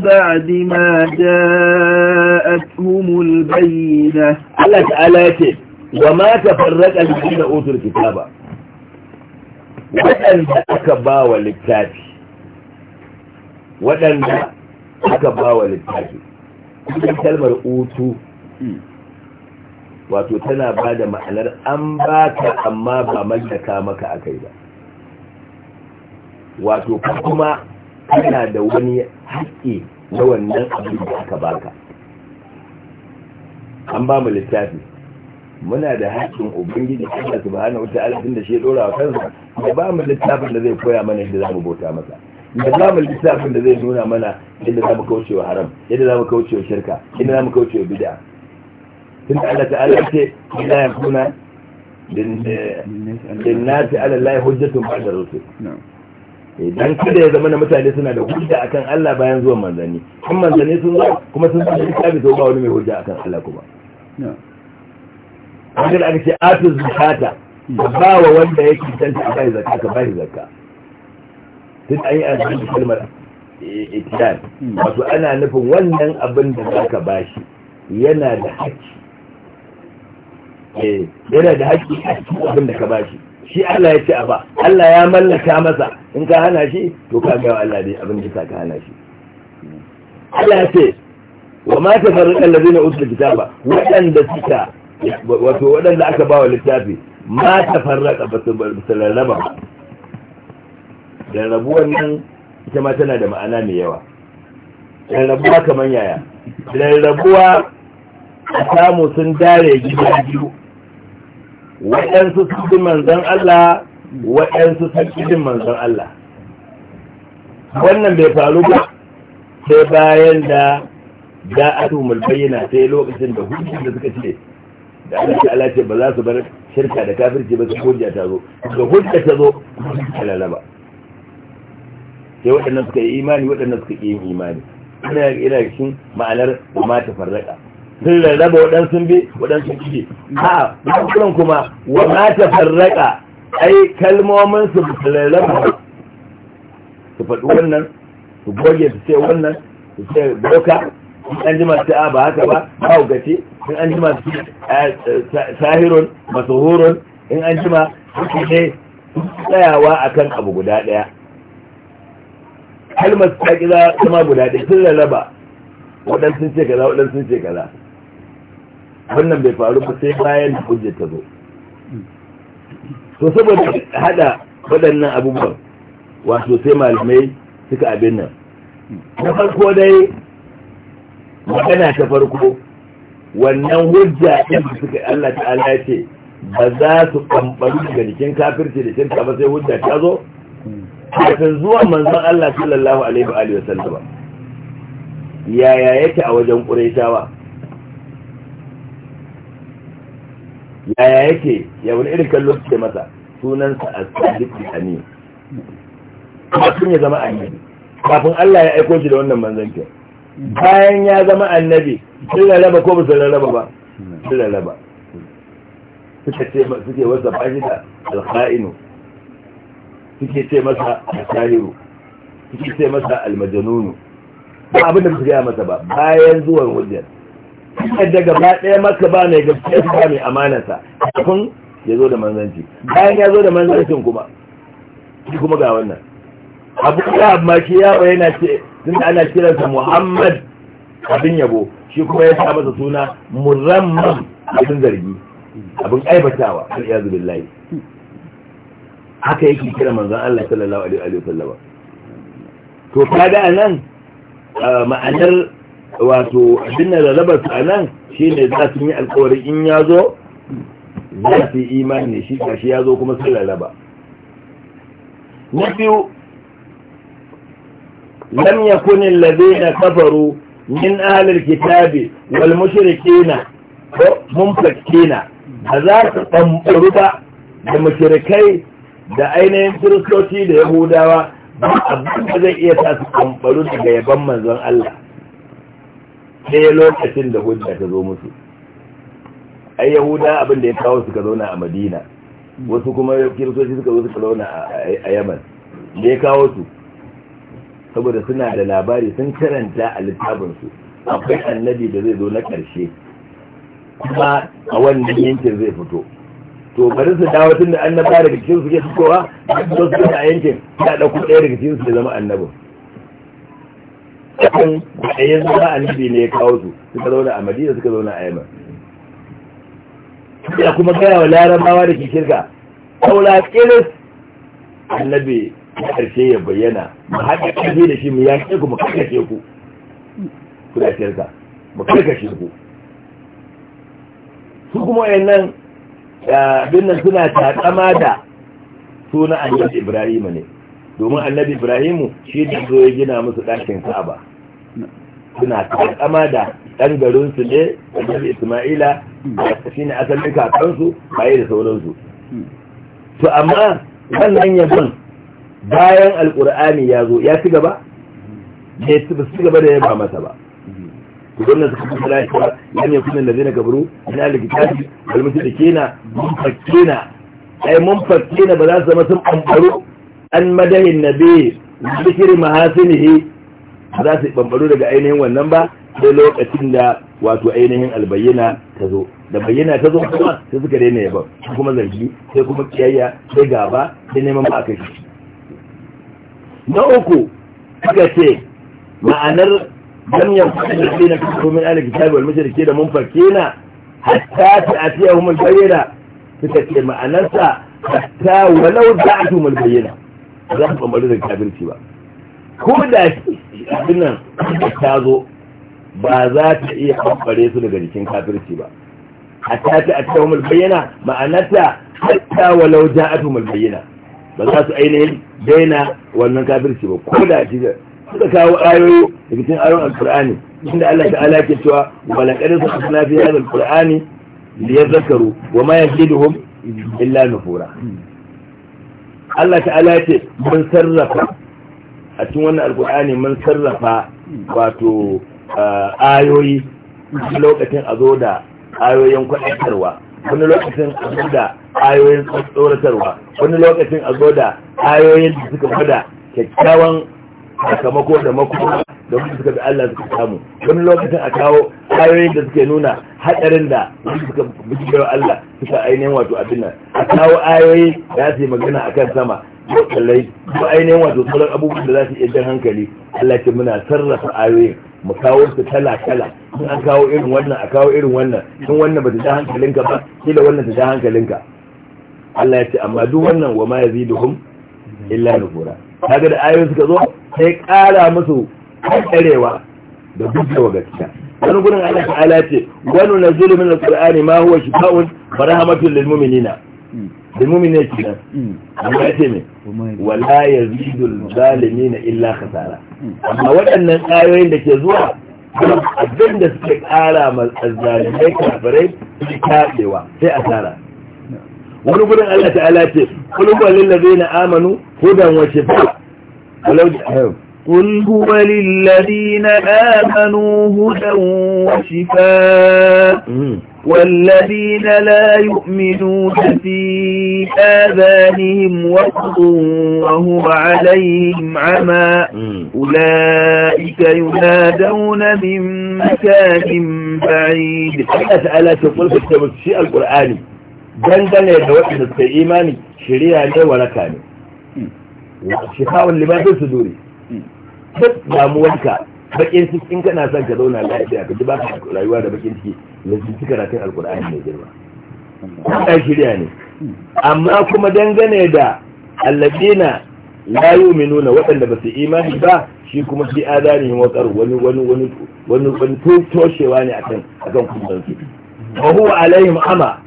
بعد ما جاءتهم البينة الله تعالى وما تفرق الذين أوتوا الكتاب وأن أكبا والكتاب وأن أكبا والكتاب كلمة أوتوا wato tana ba da ma'anar an ba ka amma ba mallaka maka aka yi ba wato kuma kana da wani haƙƙi na wannan abin da aka baka an ba mu littafi muna da haƙƙin ubangiji Allah subhanahu wataala tun da shi ya dora wa kansa ya ba mu littafin da zai koya mana yadda mu bauta masa ya ba mu littafin da zai nuna mana yadda mu kauce wa haram yadda mu kauce wa shirka yadda mu kauce wa bid'a tun Allah ta'ala ce la yakuna linnasi ala Allah hujjatun ba'da rusul idan kada ya zama na mutane suna da hujja akan Allah bayan zuwan manzanni kun manzanni sun zo kuma sun zo da kitabi to ba wani mai hujja akan Allah kuma Hankali aka ce atu zakata ba wa wanda yake canta a bai zakka ka bai zakka tun an yi amfani da kalmar itiyar wato ana nufin wannan abin da zaka bashi yana da haƙƙi Eh, yana da haƙƙi a cikin abin da ka ba shi Shi Allah ya ce a ba Allah ya mallaka masa in ka hana shi to ka ga Allah dai abin da ka hana shi Allah ya ce wa ma tafarraqa allazina utul kitaba wadanda suka wato wadanda aka wa littafi ma tafarraqa basu rarraba ba da rabuwan nan ita ma tana da ma'ana mai yawa rabuwa kamar yaya rabuwa a samu sun dare gida biyu waɗansu sun fi manzan Allah waɗansu sun fi manzan Allah wannan bai faru ba sai bayan da da atumul bayyana sai lokacin da hujjar da suka ce da Allah ce Allah ce ba za su bar shirka da kafirci ba su hujja ta zo ga hujja ta zo ta lalaba. sai waɗannan suka yi imani waɗannan suka yi imani ina ina cikin ma'anar ma ta farraka sun rarraba waɗansu bi waɗansu kike a kuran kuma wa ma ta farraka ai kalmomin su rarraba su faɗi wannan su goge su ce wannan su ce boka in an jima su a ba haka ba mahaukaci in an jima su sahirun masuhurun in an jima su ne tsayawa kan abu guda ɗaya kalmar ta ƙi zama guda ɗaya sun rarraba waɗansu ce kaza waɗansu ce kaza wannan bai faru ba sai bayan da hujja ta zo to saboda hada waɗannan abubuwan wato sai malamai suka abin nan na farko dai magana ta farko wannan hujja ɗin da suka Allah ta'ala ya ce ba za su kambaru daga jikin kafirci da shirka ba sai hujja ta zo kafin zuwan manzon Allah sallallahu alaihi wa wa sallam yaya yake a wajen ƙuraitawa yaya yake ya wani irin kallo ke masa sunansa a ne Kuma sun ya zama annabi kafin Allah ya aiko shi da wannan ke bayan ya zama annabi sun lalaba ko ba lalaba ba sun lalaba suka ce suke wasa fashi da alkha'inu suke ce masa al-shahiru suke ce masa al ba abin da suka yi masa ba bayan zuwan hujjar yadda gaba ɗaya maka ba mai gaskiya ba mai amanarsa kafin ya zo da manzanci bayan ya zo da manzancin kuma shi kuma ga wannan abu ya ma shi yawo yana ce sun da ana kiransa muhammad abin yabo shi kuma ya sa masa suna muramman abin zargi abin aibatawa an iya zubin layi haka yake kira manzan allah sallallahu alaihi wa sallama to kaga a nan ah, ma'anar wato abin da rarraba a nan shi ne za su yi alkawarin in ya zo za su yi imani shi shi ya zo kuma sun lalaba na biyu lam lade na kafaru min ahli Kena wal mushrikeena Kena. ba za su ɗanɓaru ba da mashirikai da ainihin kiristoci da yahudawa ba abin da zai iya sa su ɗanɓaru daga yaban manzon Allah sai lokacin da hujja ta zo musu ai yahuda abin da ya kawo suka zauna a madina wasu kuma kiristoci suka zo suka zauna a yaman da ya kawo su saboda suna da labari sun karanta a littafinsu akwai annabi da zai zo na ƙarshe kuma a wannan yankin zai fito to bari su dawo tun da annaba daga cikin suke fitowa da su a yankin ya ɗauko ɗaya daga cikin su da zama annabin kan da ya zama annabi ne ya kawo su suka zauna a madina suka zauna a yaman ya kuma gaya wa larabawa da ke shirka saura kiris annabi na ƙarshe ya bayyana mu haɗa ƙarfi da shi mu yaƙe ku mu karkashe ku kuna shirka mu karkashe ku su kuma wayannan eh, abin nan suna taƙama da suna annabi ibrahim ne domin annabi ibrahimu shi da zo ya gina musu ɗakin ka'aba suna kama da ɗan garinsu ne annabi isma'ila da shi ne asalin kakansu baye da sauransu to amma wannan yabon bayan alƙur'ani ya zo ya ci gaba ne ba su ci gaba da ba masa ba wannan suka fi lafiya ya ne kuma da zai na gabaru ina da kitabi wal da kena mun fakkena ai mun fakkena ba za su zama sun ɓanɓaro an madahin nabi zikir mahasinihi za su bambaro daga ainihin wannan ba sai lokacin da wato ainihin albayyana ta zo da bayyana ta zo kuma sai suka daina yaba kuma zargi sai kuma kiyayya sai gaba sai neman ba kai na uku suka ce ma'anar lam yanfa'u na kuma komin ala kitabi wal farke na? hatta asiya al bayyana suka ce ma'anarsa hatta walau a tumul bayyana za su bambari da kafirci ba ko da abin nan ta zo ba za ta iya bambare su daga jikin kafirci ba A ta a atahu mul bayyana ma'anarta har ta walau ja a mul bayyana ba za su ainihin daina wannan kafirci ba ko da shi suka kawo ayoyi daga cikin ayoyin alqur'ani inda Allah ta'ala ke cewa wa laqad sa'alna fi hadha alqur'ani liyadhakkaru wa ma yaziduhum illa nufura Allah ta'ala ce mun sarrafa a cikin wannan alkur'ani mun sarrafa wato ayoyi wani lokacin a zo da ayoyin kwadatarwa wani lokacin a zo da ayoyin tsoratarwa wani lokacin a zo da ayoyin da suka fada kyakkyawan sakamako da makoma da wanda suka bi Allah suka samu wani lokacin a kawo ayoyin da suke nuna hadarin da wanda suka bi Allah suka ainihin wato abin nan a kawo ayoyi da su yi magana akan sama ko kallai ko ainihin wato sauran abubuwan da za su iya hankali Allah ce muna sarrafa ayoyin mu kawo su kala kala in an kawo irin wannan a kawo irin wannan in wannan ba ta ja hankalinka ba kila wannan ta ja hankalinka Allah ya ce amma duk wannan wa ma yaziduhum illa nufura kaga da ayoyin suka zo sai ƙara musu karewa da gujewa gaskiya wani gurin Allah ta'ala ce wani nazilu min alqur'ani ma huwa shifa'un wa rahmatun lil mu'minina lil mu'minina kenan amma ce me wala yazidu zalimin illa khasara amma waɗannan ayoyin da ke zuwa abinda da suke ƙara ma azzalimai kafirai su kaɗewa sai asara wani gudun Allah ta'ala ce kulubban lillazina amanu hudan wa قل هو للذين آمنوا هدى وشفاء والذين لا يؤمنون في آذانهم وقض وهو عليهم عمى أولئك ينادون من مكان بعيد أسألة قل قلت الشيء القرآني dangane da waɗanda suka imani shirya ne wa raka ne shifawun limatin su dure duk damuwarka bakin ciki in kana son ka zauna lafiya ka ji ba rayuwa da bakin ciki yanzu ci kan alkur'ani mai girma kuma shirya ne amma kuma dangane da alladina la yu'minuna waɗanda ba su imani ba shi kuma adani ne wakar wani wani wani wani wani toshewa ne akan akan kullun su wa huwa alaihim ama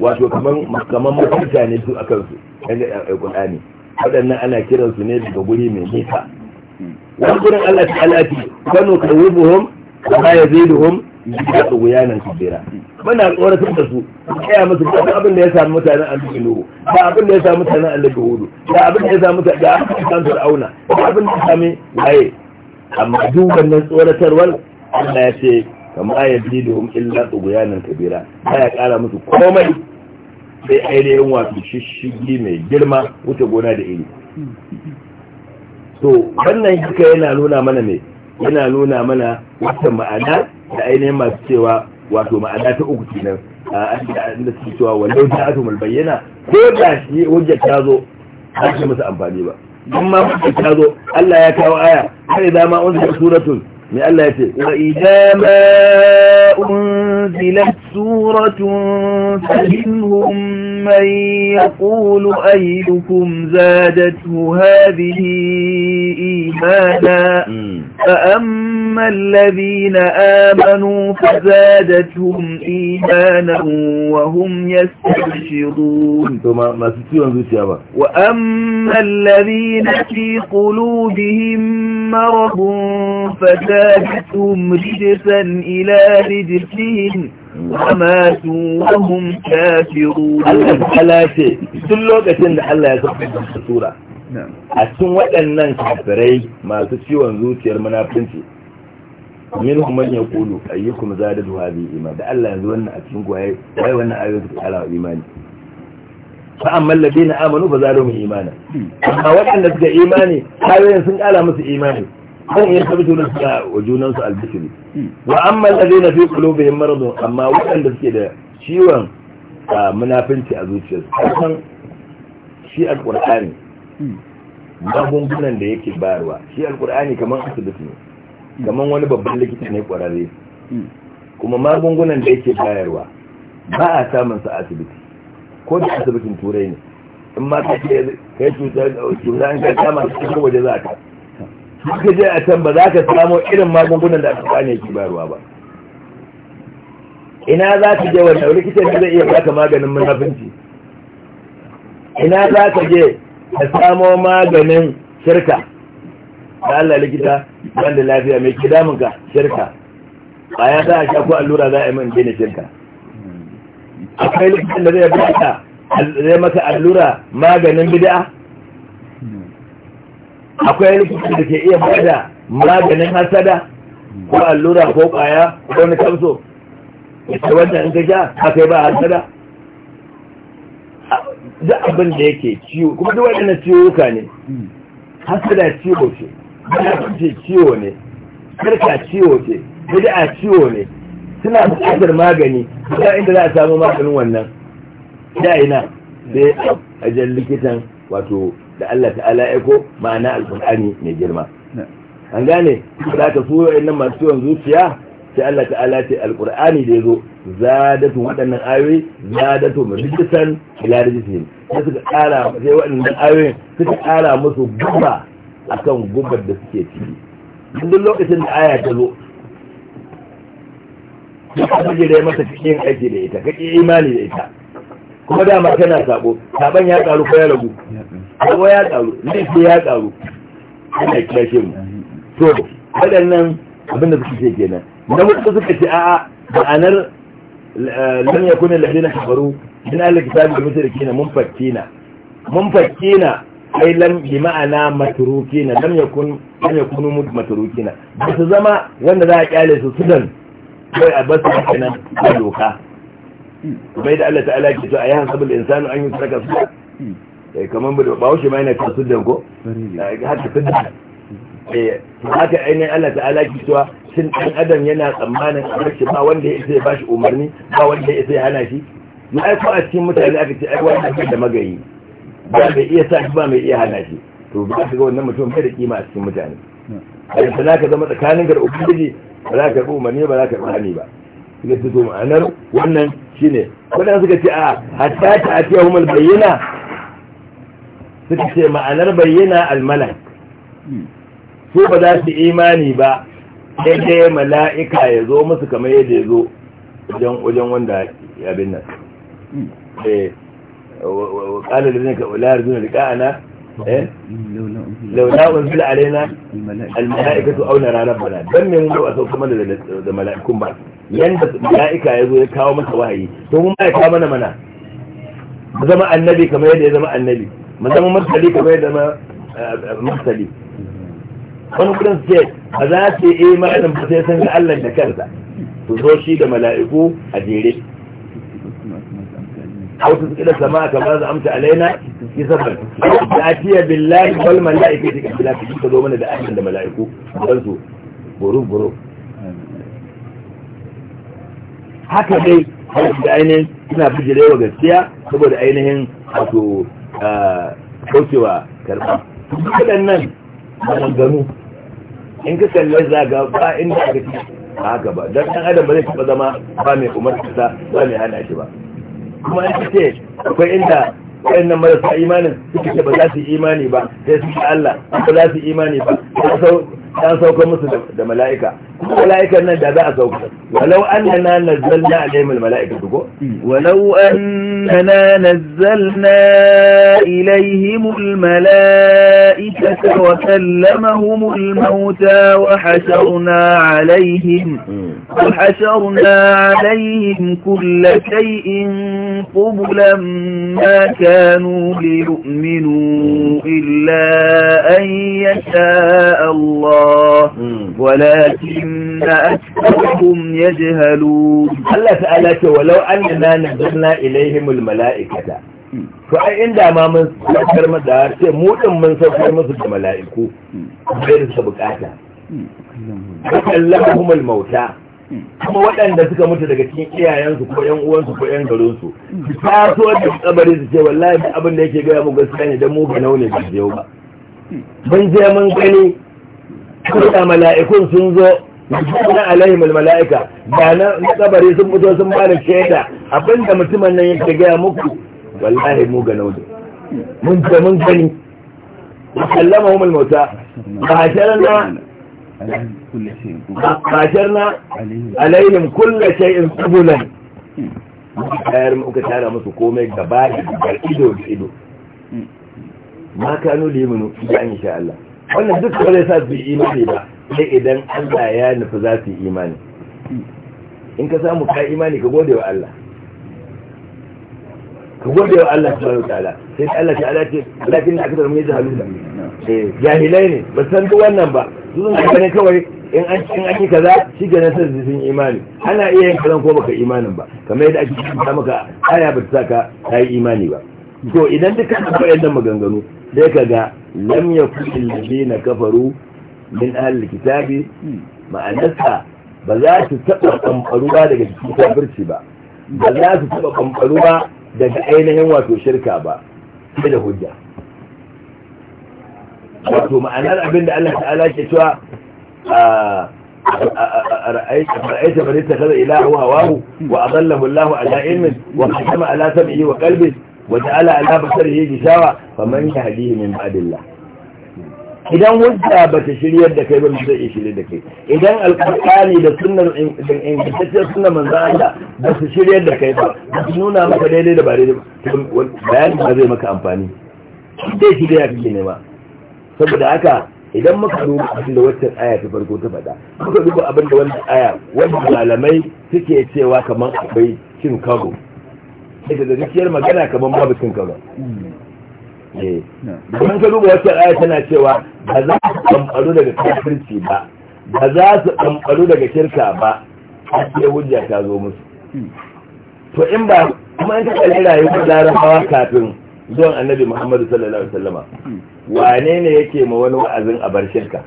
wato kamar kamar makarta ne su akan su kaga alqur'ani eh, wadannan ana kiran su ne daga guri mai nisa wani gurin Allah ta'ala ti ka kawubuhum wa da yaziduhum illa tughyanan kabira muna tsoratar da su kaya musu ba abin da ya samu mutanen annabi nuhu ba abin da ya samu mutanen annabi hudu ba abin da ya samu da kan fir'auna ba abin da ya sami waye amma duk wannan tsoratarwar Allah ya ce kamar ya ji da wani illa tsuguyanin kabira ba ya kara musu komai sai ainihin wasu shishigi mai girma wuce gona da iri so wannan haka yana nuna mana ne yana nuna mana wata ma'ana da ainihin masu cewa wato ma'ana ta uku kenan a inda suke cewa wallau ta atu bayyana ko da shi wajen ta zo ba ta musu amfani ba amma hujjar ta zo Allah ya kawo aya har idan ma unzila suratun لألا وإذا ما أنزلت سورة فمنهم من يقول أيكم زادته هذه إيمانا فأما الذين آمنوا فزادتهم إيمانا وهم يستبشرون وأما الذين في قلوبهم مرض فزادتهم زادتهم رجسا إلى رجسهم وماتوا وهم كافرون الله ce duk lokacin da Allah ya zafi da sura a cikin waɗannan kafirai masu ciwon zuciyar munafunci min man ya kulu ayyukum zadatu hadhihi iman da Allah yanzu wannan a cikin gwaye wai wannan ayoyi ta ala imani fa amma alladheena amanu fa zadahum imana amma waɗanda suka imani ayoyin sun kala musu imani zan iya kabi junansa wa junansu albishiri wa amma alladhina fi qulubihim maradun amma waɗanda suke da ciwon munafinci a zuciyarsu kasan shi alƙur'ani magungunan da yake bayarwa shi alƙur'ani kaman asibiti ne kaman wani babban likita ne kwararre kuma magungunan da yake bayarwa ba a samun sa asibiti ko da asibitin turai ne in ma ka kake kai cuta cuta an kai kama cikin waje za ka ka je a can ba za ka samu irin magungunan da aka kane ki bayarwa ba ina za ka je wanda likitan da zai iya baka maganin munafinci ina za ka je ka samo maganin shirka da Allah likita wanda lafiya mai ke ka shirka a ya za a sha ko allura za a yi min jini shirka akwai likitan da zai baka zai maka allura maganin bid'a akwai ainihin da ke iya bada maganin hasada ko allura ko kwaya ko wani kamso ita wannan in ka sha aka yi ba hasada duk abin da yake ciwo kuma duk ciwo ka ne hasada ciwo ce ce ciwo ne karka ciwo ce a ciwo ne suna buƙatar magani ta inda za a samu maganin wannan da ina da a jan likitan wato da Allah ta'ala ya ko ma'ana alkur'ani mai girma an gane za ka so nan masu yawan zuciya sai Allah ta'ala ce alkur'ani da ya zo zadatu waɗannan ayoyi zadatu rijisan ila rijisin sai suka ƙara sai waɗannan ayoyin suka ƙara musu guba akan gubar da suke ciki duk lokacin da aya ta zo duk abin da ya masa cikin aiki da ita kake imani da ita kuma dama kana sabo saban ya karu ko ya ragu abuwa ya ƙaru laifi ya ƙaru ana kyashe mu to waɗannan abin da suka ce kenan na hudu suka ce a'a ma'anar eh, lam yakun alladhina kafaru min ahli kitabi mushrikina munfakkina munfakkina ai lam bi ma'ana matrukina lam yakun lam yakunu matrukina ba su zama wanda za a kyale su sudan kai a basu kenan da doka bai da Allah ta'ala ke to ayi hasabul insanu an yusraka su Eh, kamar bahaushe ma yana kan sudan ko eh, haka sudan eh, haka ainihin Allah ta'ala ki cewa shin ɗan adam yana tsammanin a bashi ba wanda ya isa bashi umarni ba wanda ya isa hana shi mu aiko a cikin mutane aka ce aiwa da da magayi ba mai iya sa ba mai iya hana shi to ba ka ga wannan mutum bai da kima a cikin mutane hmm. a yanzu ka zama tsakanin ga ubangiji ba za ka karɓi umarni ba za ka karɓi hani ba suka ce to ma'anar wannan shine waɗanda suka ce a hatta ta a ce humul bayyana suka ce ma'anar bayyana almalak su ba za su imani ba ya mala'ika ya zo musu kamar yadda ya zo wajen wanda ya bin nan ƙalar eh, eh? da zai ka ulayar zuwa da ƙa'ana launa unzul alaina su auna ranar bana don mai mutu a sau kuma da mala'ikun ba yanda mala'ika ya zo ya kawo masa wahayi to mun ya kawo mana mana zama annabi kamar yadda ya zama annabi mu zama martali ka bai da na eh, martali wani kudin ce a za su eh ma'anin ba sai san ga Allah da kansa to zo shi da mala'iku a jere hau su suke da sama a kamar za amsa alaina ya safar da a fiye billahi wal mala'iku su kafin lafi su zo mana da ayyukan da mala'iku don su buru-buru haka dai da ainihin suna bijirewa gaskiya saboda ainihin wato Ɗaukewa karɓa waɗannan maganganu in ka kalli za ga ba inda aka ci haka ba don ɗan adam ba zai taɓa zama ba mai umarta ba mai hana shi ba kuma an ce akwai inda waɗannan marasa imanin suke ce ba za su imani ba sai su Allah ba za su imani ba an saukar musu da mala'ika kuma mala'ikan nan da za a sauka walau annana nazzalna alaihim almala'ika ko walau annana nazzalna ilaihim almala'ika wa kallamahum almauta wa hasharna alaihim wa hasharna alaihim kull shay'in qublan ma kanu liyu'minu illa an yasha Allah الله ولكن أكثرهم يجهلون الله تعالى ولو أننا نزلنا إليهم الملائكة to ai inda ma mun saukar masa sai mu din mun saukar musu da mala'iku bai da bukata kallahum al-mauta kuma waɗanda suka mutu daga cikin iyayensu ko ƴan uwansu ko ƴan garinsu su taso da kabari su ce wallahi abin da yake gaya mu gaskiya ne dan mu ga naune ba yau ba mun je mun gani kuma mala'ikun sun zo na alaihimul mala'ika da na kabari sun fito sun ba da shaida abinda mutumin nan yake gaya muku wallahi mu ganau da. mun ce mun gani wasallama humul mauta basharna basharna alaihim kullu shay'in qubulan kayar muka tara musu komai gaba da ido da ido ma kanu limunu ya insha Allah wannan duk ba sa su imani ba sai idan Allah ya nufi za su imani in ka samu ka imani ka gode wa Allah ka gode wa Allah subhanahu wa ta'ala sai Allah ta'ala ce lakin aka tarmi da haluna eh jahilai ne ba san duk wannan ba su sun ka ne kawai in an cikin ake yi kaza shi ga nasar da sun imani ana iya yin kalan ko baka imanin ba kamar yadda ake ta ka aya ba ta saka ta yi imani ba to idan duka na da maganganu sai kaga lam yakun alladhina kafaru min ahli kitabi ma'anarsa ba za su taba kamfaruwa daga cikin kafirci ba ba za su taba kamfaruwa daga ainihin wato shirka ba sai da hujja wato ma'anar abinda Allah ta'ala ke cewa أرأيت hawa اتخذ إله هواه وأضله الله على علم وحكم على سمعه وقلبه وجعل على بصره غشاوة فمن يهديه من بعد الله idan hujja ba ta shiryar da kai ba mu zai shirye da kai idan alƙur'ani da sunnar ingantacciyar sunnar manzo Allah ba su shiryar da kai ba ba su nuna maka daidai da ba daidai ba bayani ba zai maka amfani dai shi da yake nema saboda haka idan muka duba abin da waccan aya ta farko ta faɗa muka duba abin da wannan aya wanda malamai suke cewa kamar akwai cin kago da gaskiyar magana ban babu cin kaza eh. domin ka duba wata aya tana cewa ba za su ɗanɓaru daga kafirci ba ba za su ɗanɓaru daga shirka ba a ce hujja ta zo musu hmm. to in ba kuma in ka kalli rayuwar larabawa kafin zuwan annabi muhammadu sallallahu alaihi wasallama hmm. wane ne yake ma wani wa'azin a bar shirka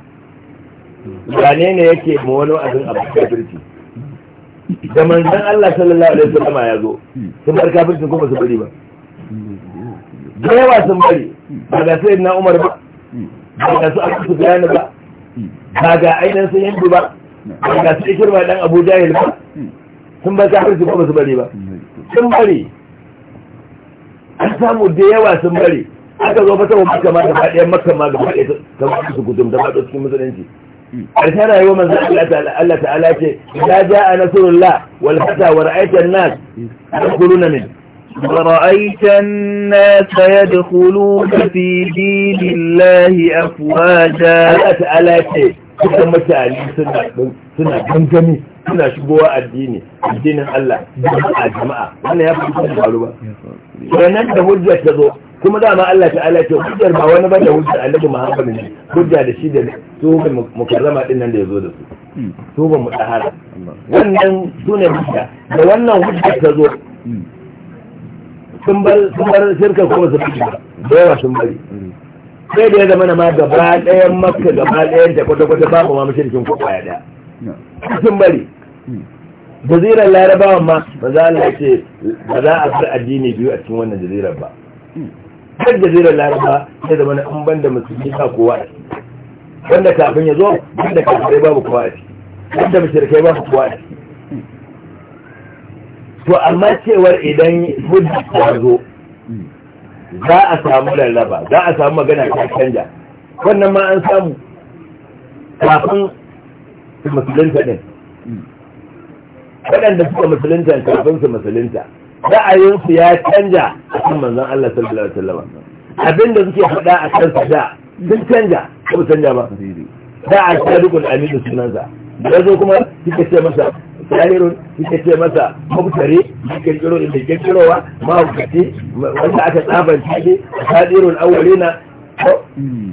hmm. wane ne yake ma wani wa'azin a bar kafirci da manzan Allah sallallahu alaihi wasallam ya zo sun bar kafircin kuma su bari ba da yawa sun bari ba ga sai na Umar ba ba ga su su Sufyan ba ba ga ainihin sun yanzu ba ba ga su Ikirma dan Abu Jahil ba sun bar kafircin kuma su bari ba sun bari an samu da yawa sun bari aka zo fata wa makama da faɗiyar makama da faɗiyar ta su gudun da faɗo cikin musulunci ƙarshen rayuwar manzan Allah ta'ala ce ya ja a nasurullah wal fata wa ra'aitan nas yadkhuluna min ورأيت الناس يدخلون في دين الله أفواجا الله ce dukkan mutane suna gangami suna shigowa addini addinin Allah jama'a jama'a wannan ya fi kusa da ba. da hujjar ta zo kuma dama Allah ta'ala ce hujjar ba wani bane hujjar annabi Muhammad ne hujja da shi da tuhumar mukarrama din nan da yazo da su hmm. tuhumar mutahara wannan sunan hujja da wannan hujja ta zo hmm. sun bar sun bar shirka ko su fi da yawa sun bari hmm. sai da ya zama ma gaba ɗayan makka gaba ɗayan ta kwata-kwata babu kuma mashirkin ko kwaya ɗaya sun bari jazirar larabawan ma ba za a ce ba za a fi addini biyu a cikin wannan jazirar ba har jazirar laraba ya zama na an banda musulmi ba kowa a ciki wanda kafin ya zo wanda kafirai babu kowa a ciki wanda mashirkai babu kowa a ciki to amma cewar idan hujji ta zo za a samu lallaba za a samu magana ta canja wannan ma an samu kafin musulunta ɗin waɗanda suka musulunta kafin su musulunta ra'ayinsu ya canja a kan manzan Allah sallallahu alaihi wasallam abinda suke faɗa a kan da sun canja ko canja ba da a sadiqul amin sunansa da zo kuma kike ce masa sahirun kike ce masa mubtari kike kiro inda kike kirowa ma hukati wanda aka tsabanta ne sadirul awwalina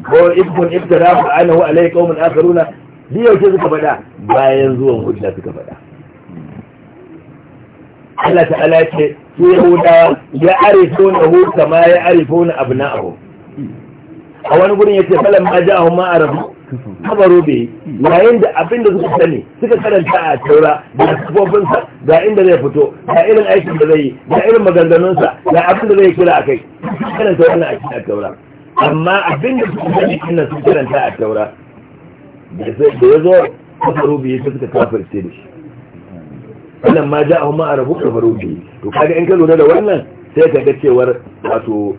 ko ibn ibtara ana wa alai qaumun akharuna biyo ke suka faɗa bayan zuwan hujja suka faɗa Allah ta'ala ce su yahudawa ya arifo na hu kama ya arifo na abu na abu a wani gurin ya ce falon ma ja'ahu ma a rabu kabaru bai yayin da abin da suka sani suka karanta a taura da sufofinsa ga inda zai fito ga irin aikin da zai yi ga irin maganganunsa ga abin da zai kira a kai karanta wannan aiki a taura amma abin da suka sani ina sun karanta a taura da ya zo kabaru bai suka kafirce da shi wannan ma ja ahun ma'arabu kafaru bi to kaga in ka lura da wannan sai ka ga cewar wato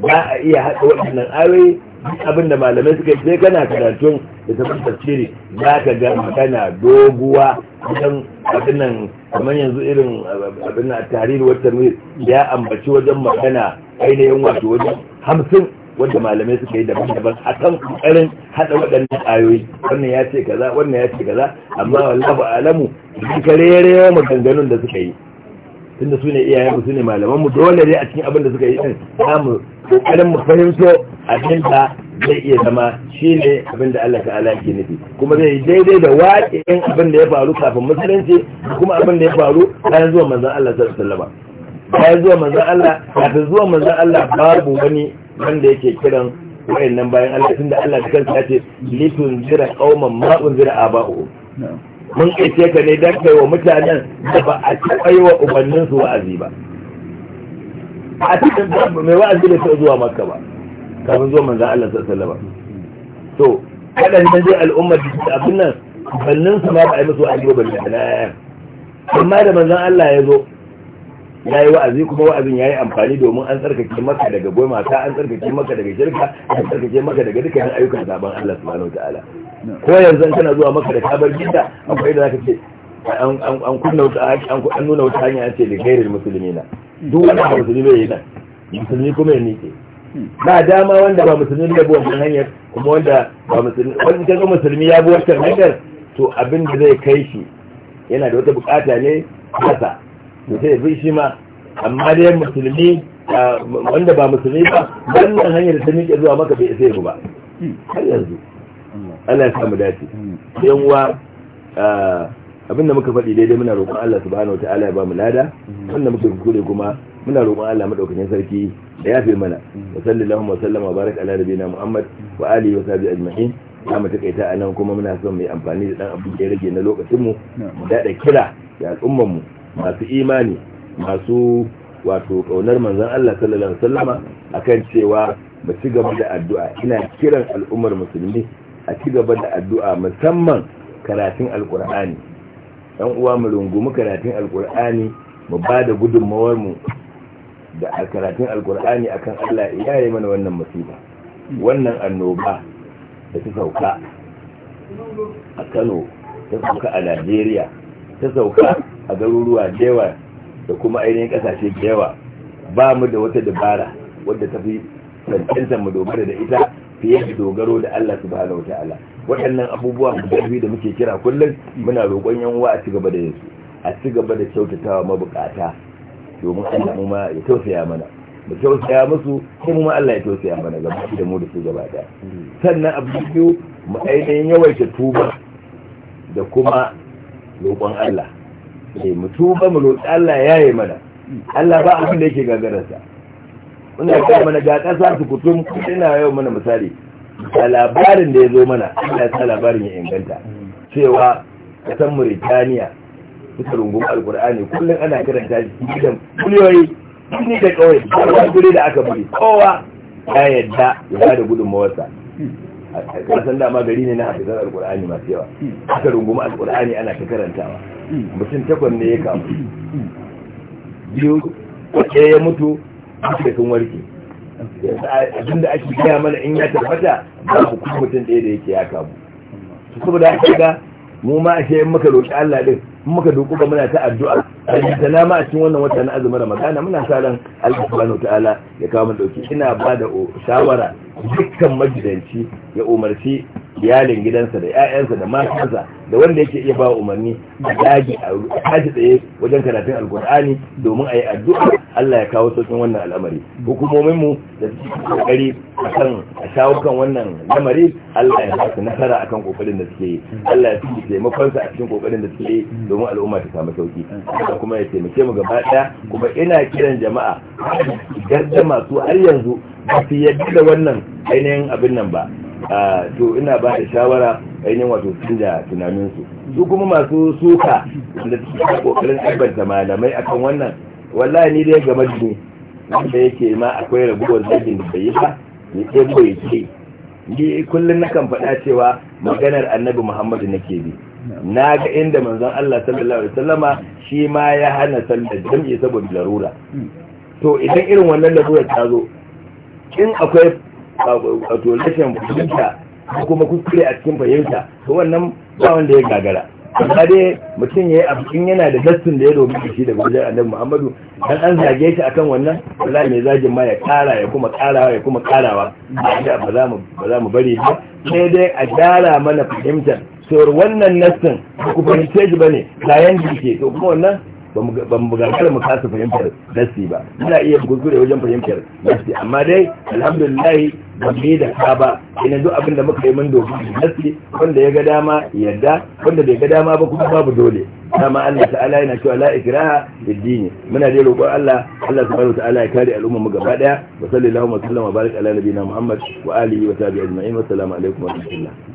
ba a iya haɗa waɗannan ayoyi abin da malamai suka sai kana karatun da ta tafin tafsiri za ka ga magana doguwa wajen abin nan kamar yanzu irin abin nan tarihi wata ya ambaci wajen magana ainihin wato wajen hamsin wanda malamai suka yi daban-daban a kan ƙoƙarin haɗa waɗannan ayoyi wannan ya ce kaza wannan ya ce kaza amma ba alamu kare yare rere maganganun da suka yi tunda su ne iyayen su ne malaman mu dole ne a cikin abin da suka yi din samu ƙoƙarin mu fahimto abin da zai iya zama Shi ne abin da Allah ta'ala ke nufi kuma zai daidai da waƙin abin da ya faru kafin musulunci kuma abin da ya faru bayan zuwa manzon Allah sallallahu alaihi wasallam bayan zuwa manzon Allah kafin zuwa manzon Allah babu wani wanda yake kiran wayannan bayan Allah tunda Allah da kansa yace litun jira qauman ma unzira abahu mun kace ka ne dan kai wa mutanen da ba a taɓa yi wa ubannin su wa'azi ba a cikin babu mai wa'azi da ta zuwa makka ba kafin zuwa manzan Allah sallallahu alaihi wasallam to waɗannan dai al'umma da abin nan ubannin su ma ba a yi musu wa'azi ba ne amma da manzan Allah ya zo ya yi wa'azi kuma wa'azin ya yi amfani domin an tsarkake maka daga goma ta an tsarkake maka daga shirka an tsarkake maka daga dukkanin ayyukan zaben Allah subhanahu ta’ala ko yanzu tana zuwa maka da kabar gida akwai da zaka ce an kunna wuta an nuna wuta hanya an ce da gairin musulmi na duk wanda ba musulmi bai yi nan musulmi kuma ya nike ba dama wanda ba musulmi ya buwa kan hanyar kuma wanda ba musulmi wanda kaga musulmi ya buwa kan hanyar to abin da zai kai shi yana da wata bukata ne kasa to sai bi shi ma amma dai musulmi wanda ba musulmi ba wannan hanyar ta miƙe zuwa maka bai sai ba har yanzu Allah ya samu dace yan uwa abinda muka faɗi daidai muna roƙon Allah subhanahu wataala ya ba mu lada wanda muka kure kuma muna roƙon Allah madaukakin sarki da yafe mana wa sallallahu wa sallama baraka ala nabiyina Muhammad wa alihi wa sahbihi ajma'in za mu takaita a nan kuma muna son mu yi amfani da dan abin da ya rage na lokacin mu mu daɗa kira da al'ummar mu masu imani masu wato kaunar manzon Allah sallallahu alaihi wasallama akan cewa mu ci gaba da addu'a ina kiran al'ummar musulmi a ci gaba da addu'a musamman karatun alqur'ani dan uwa mu rungumi karatun alqur'ani mu ba da gudunmawar mu da karatun alqur'ani akan Allah ya yi mana wannan musiba wannan annoba da ta sauka a Kano ta sauka a Najeriya ta sauka a garuruwa da yawa da kuma ainihin kasashe da yawa ba mu da wata dabara wadda ta fi tantance mu dogara da ita fiye da dogaro da Allah subhanahu wataala waɗannan abubuwa guda biyu da muke kira kullum muna roƙon yan uwa a ci gaba da yansu a ci gaba da kyautatawa mabukata domin Allah mu ma ya tausaya mana mu tausaya musu kuma mu Allah ya tausaya mana gaba da mu da su gaba da sannan abu biyu mu ainihin yawaita tuba da kuma roƙon Allah eh mutu ba mu roƙi Allah ya yi mana Allah ba abin da yake gagararsa muna ga mana ga ƙasa su kutum ina yau mana misali da labarin da ya zo mana Allah ya labarin ya inganta cewa kasan Mauritania suka rungumi alkur'ani kullum ana karanta shi gidan kuliyoyi ni da kawai da da aka buri kowa ya yadda ya da gudunmawarsa kasan dama gari ne na hafizar alkur'ani masu yawa aka runguma alkur'ani ana ta karantawa mutum takwas ne ya kamu biyu kwace ya mutu da sun warke abin da ake gaya mana in ya tabbata ba ku kuma mutum ɗaya da yake ya kamu saboda haka ga mu ma a shayin maka roƙi Allah din muka duku ba muna ta addu'a da ta ma a cikin wannan wata na azumin ramadana muna sa ran Allah ta'ala ya kawo mu ɗauki ina ba da shawara dukkan majidanci ya umarci iyalin gidansa da 'ya'yansa da matansa da wanda yake iya ba umarni a dagi a tashi tsaye wajen karatun alkur'ani domin a yi addu'a Allah ya kawo sauƙin wannan al'amari hukumomin mu da suke kokari akan a shawo kan wannan lamari Allah ya sa su nasara akan kokarin da suke yi Allah ya fi taimakon a cikin kokarin da suke yi domin al'umma ta samu sauki haka kuma ya taimake mu gaba ɗaya kuma ina kiran jama'a gardama su har yanzu ba su yadda da wannan ainihin abin nan ba to ina ba da shawara ainihin wato canza tunaninsu su kuma masu suka wanda suke kokarin aibanta malamai kan wannan wallahi ni dai game da ni wanda yake ma akwai raguwar zagin da bai ba ni sai ko yake ni kullum na kan faɗa cewa maganar annabi muhammadu nake bi na ga inda manzon Allah sallallahu alaihi wasallama shi ma ya hana sallar jam'i saboda larura hmm. to idan irin wannan larura ta zo in akwai wato rashin fahimta ko kuma kuskure a cikin fahimta to wannan ba wanda ya gagara amma dai mutum ya yi abin yana da dattin da ya domin shi daga wajen annabi muhammadu dan an zage shi akan wannan wala mai zagin ma ya kara ya kuma karawa ya kuma karawa ba za mu ba za mu bari ba sai dai a gyara mana fahimtar so wannan nassin ku fahimce shi bane bayan jike to kuma wannan ba mu gagara mu kasa fahimtar nasi ba ina iya da wajen fahimtar nasi amma dai alhamdulillah ba mu da ka ba ina duk abin da muka yi mun dogon nasi wanda ya ga dama yadda wanda bai ga dama ba kuma babu dole dama Allah ta'ala yana cewa la ikraha fid din muna dai roƙon Allah Allah subhanahu wa ta'ala ya kare al'umma mu gaba daya wa sallallahu wa sallama barik ala nabiyina Muhammad wa alihi wa tabi'i ajma'in wa assalamu alaikum wa rahmatullahi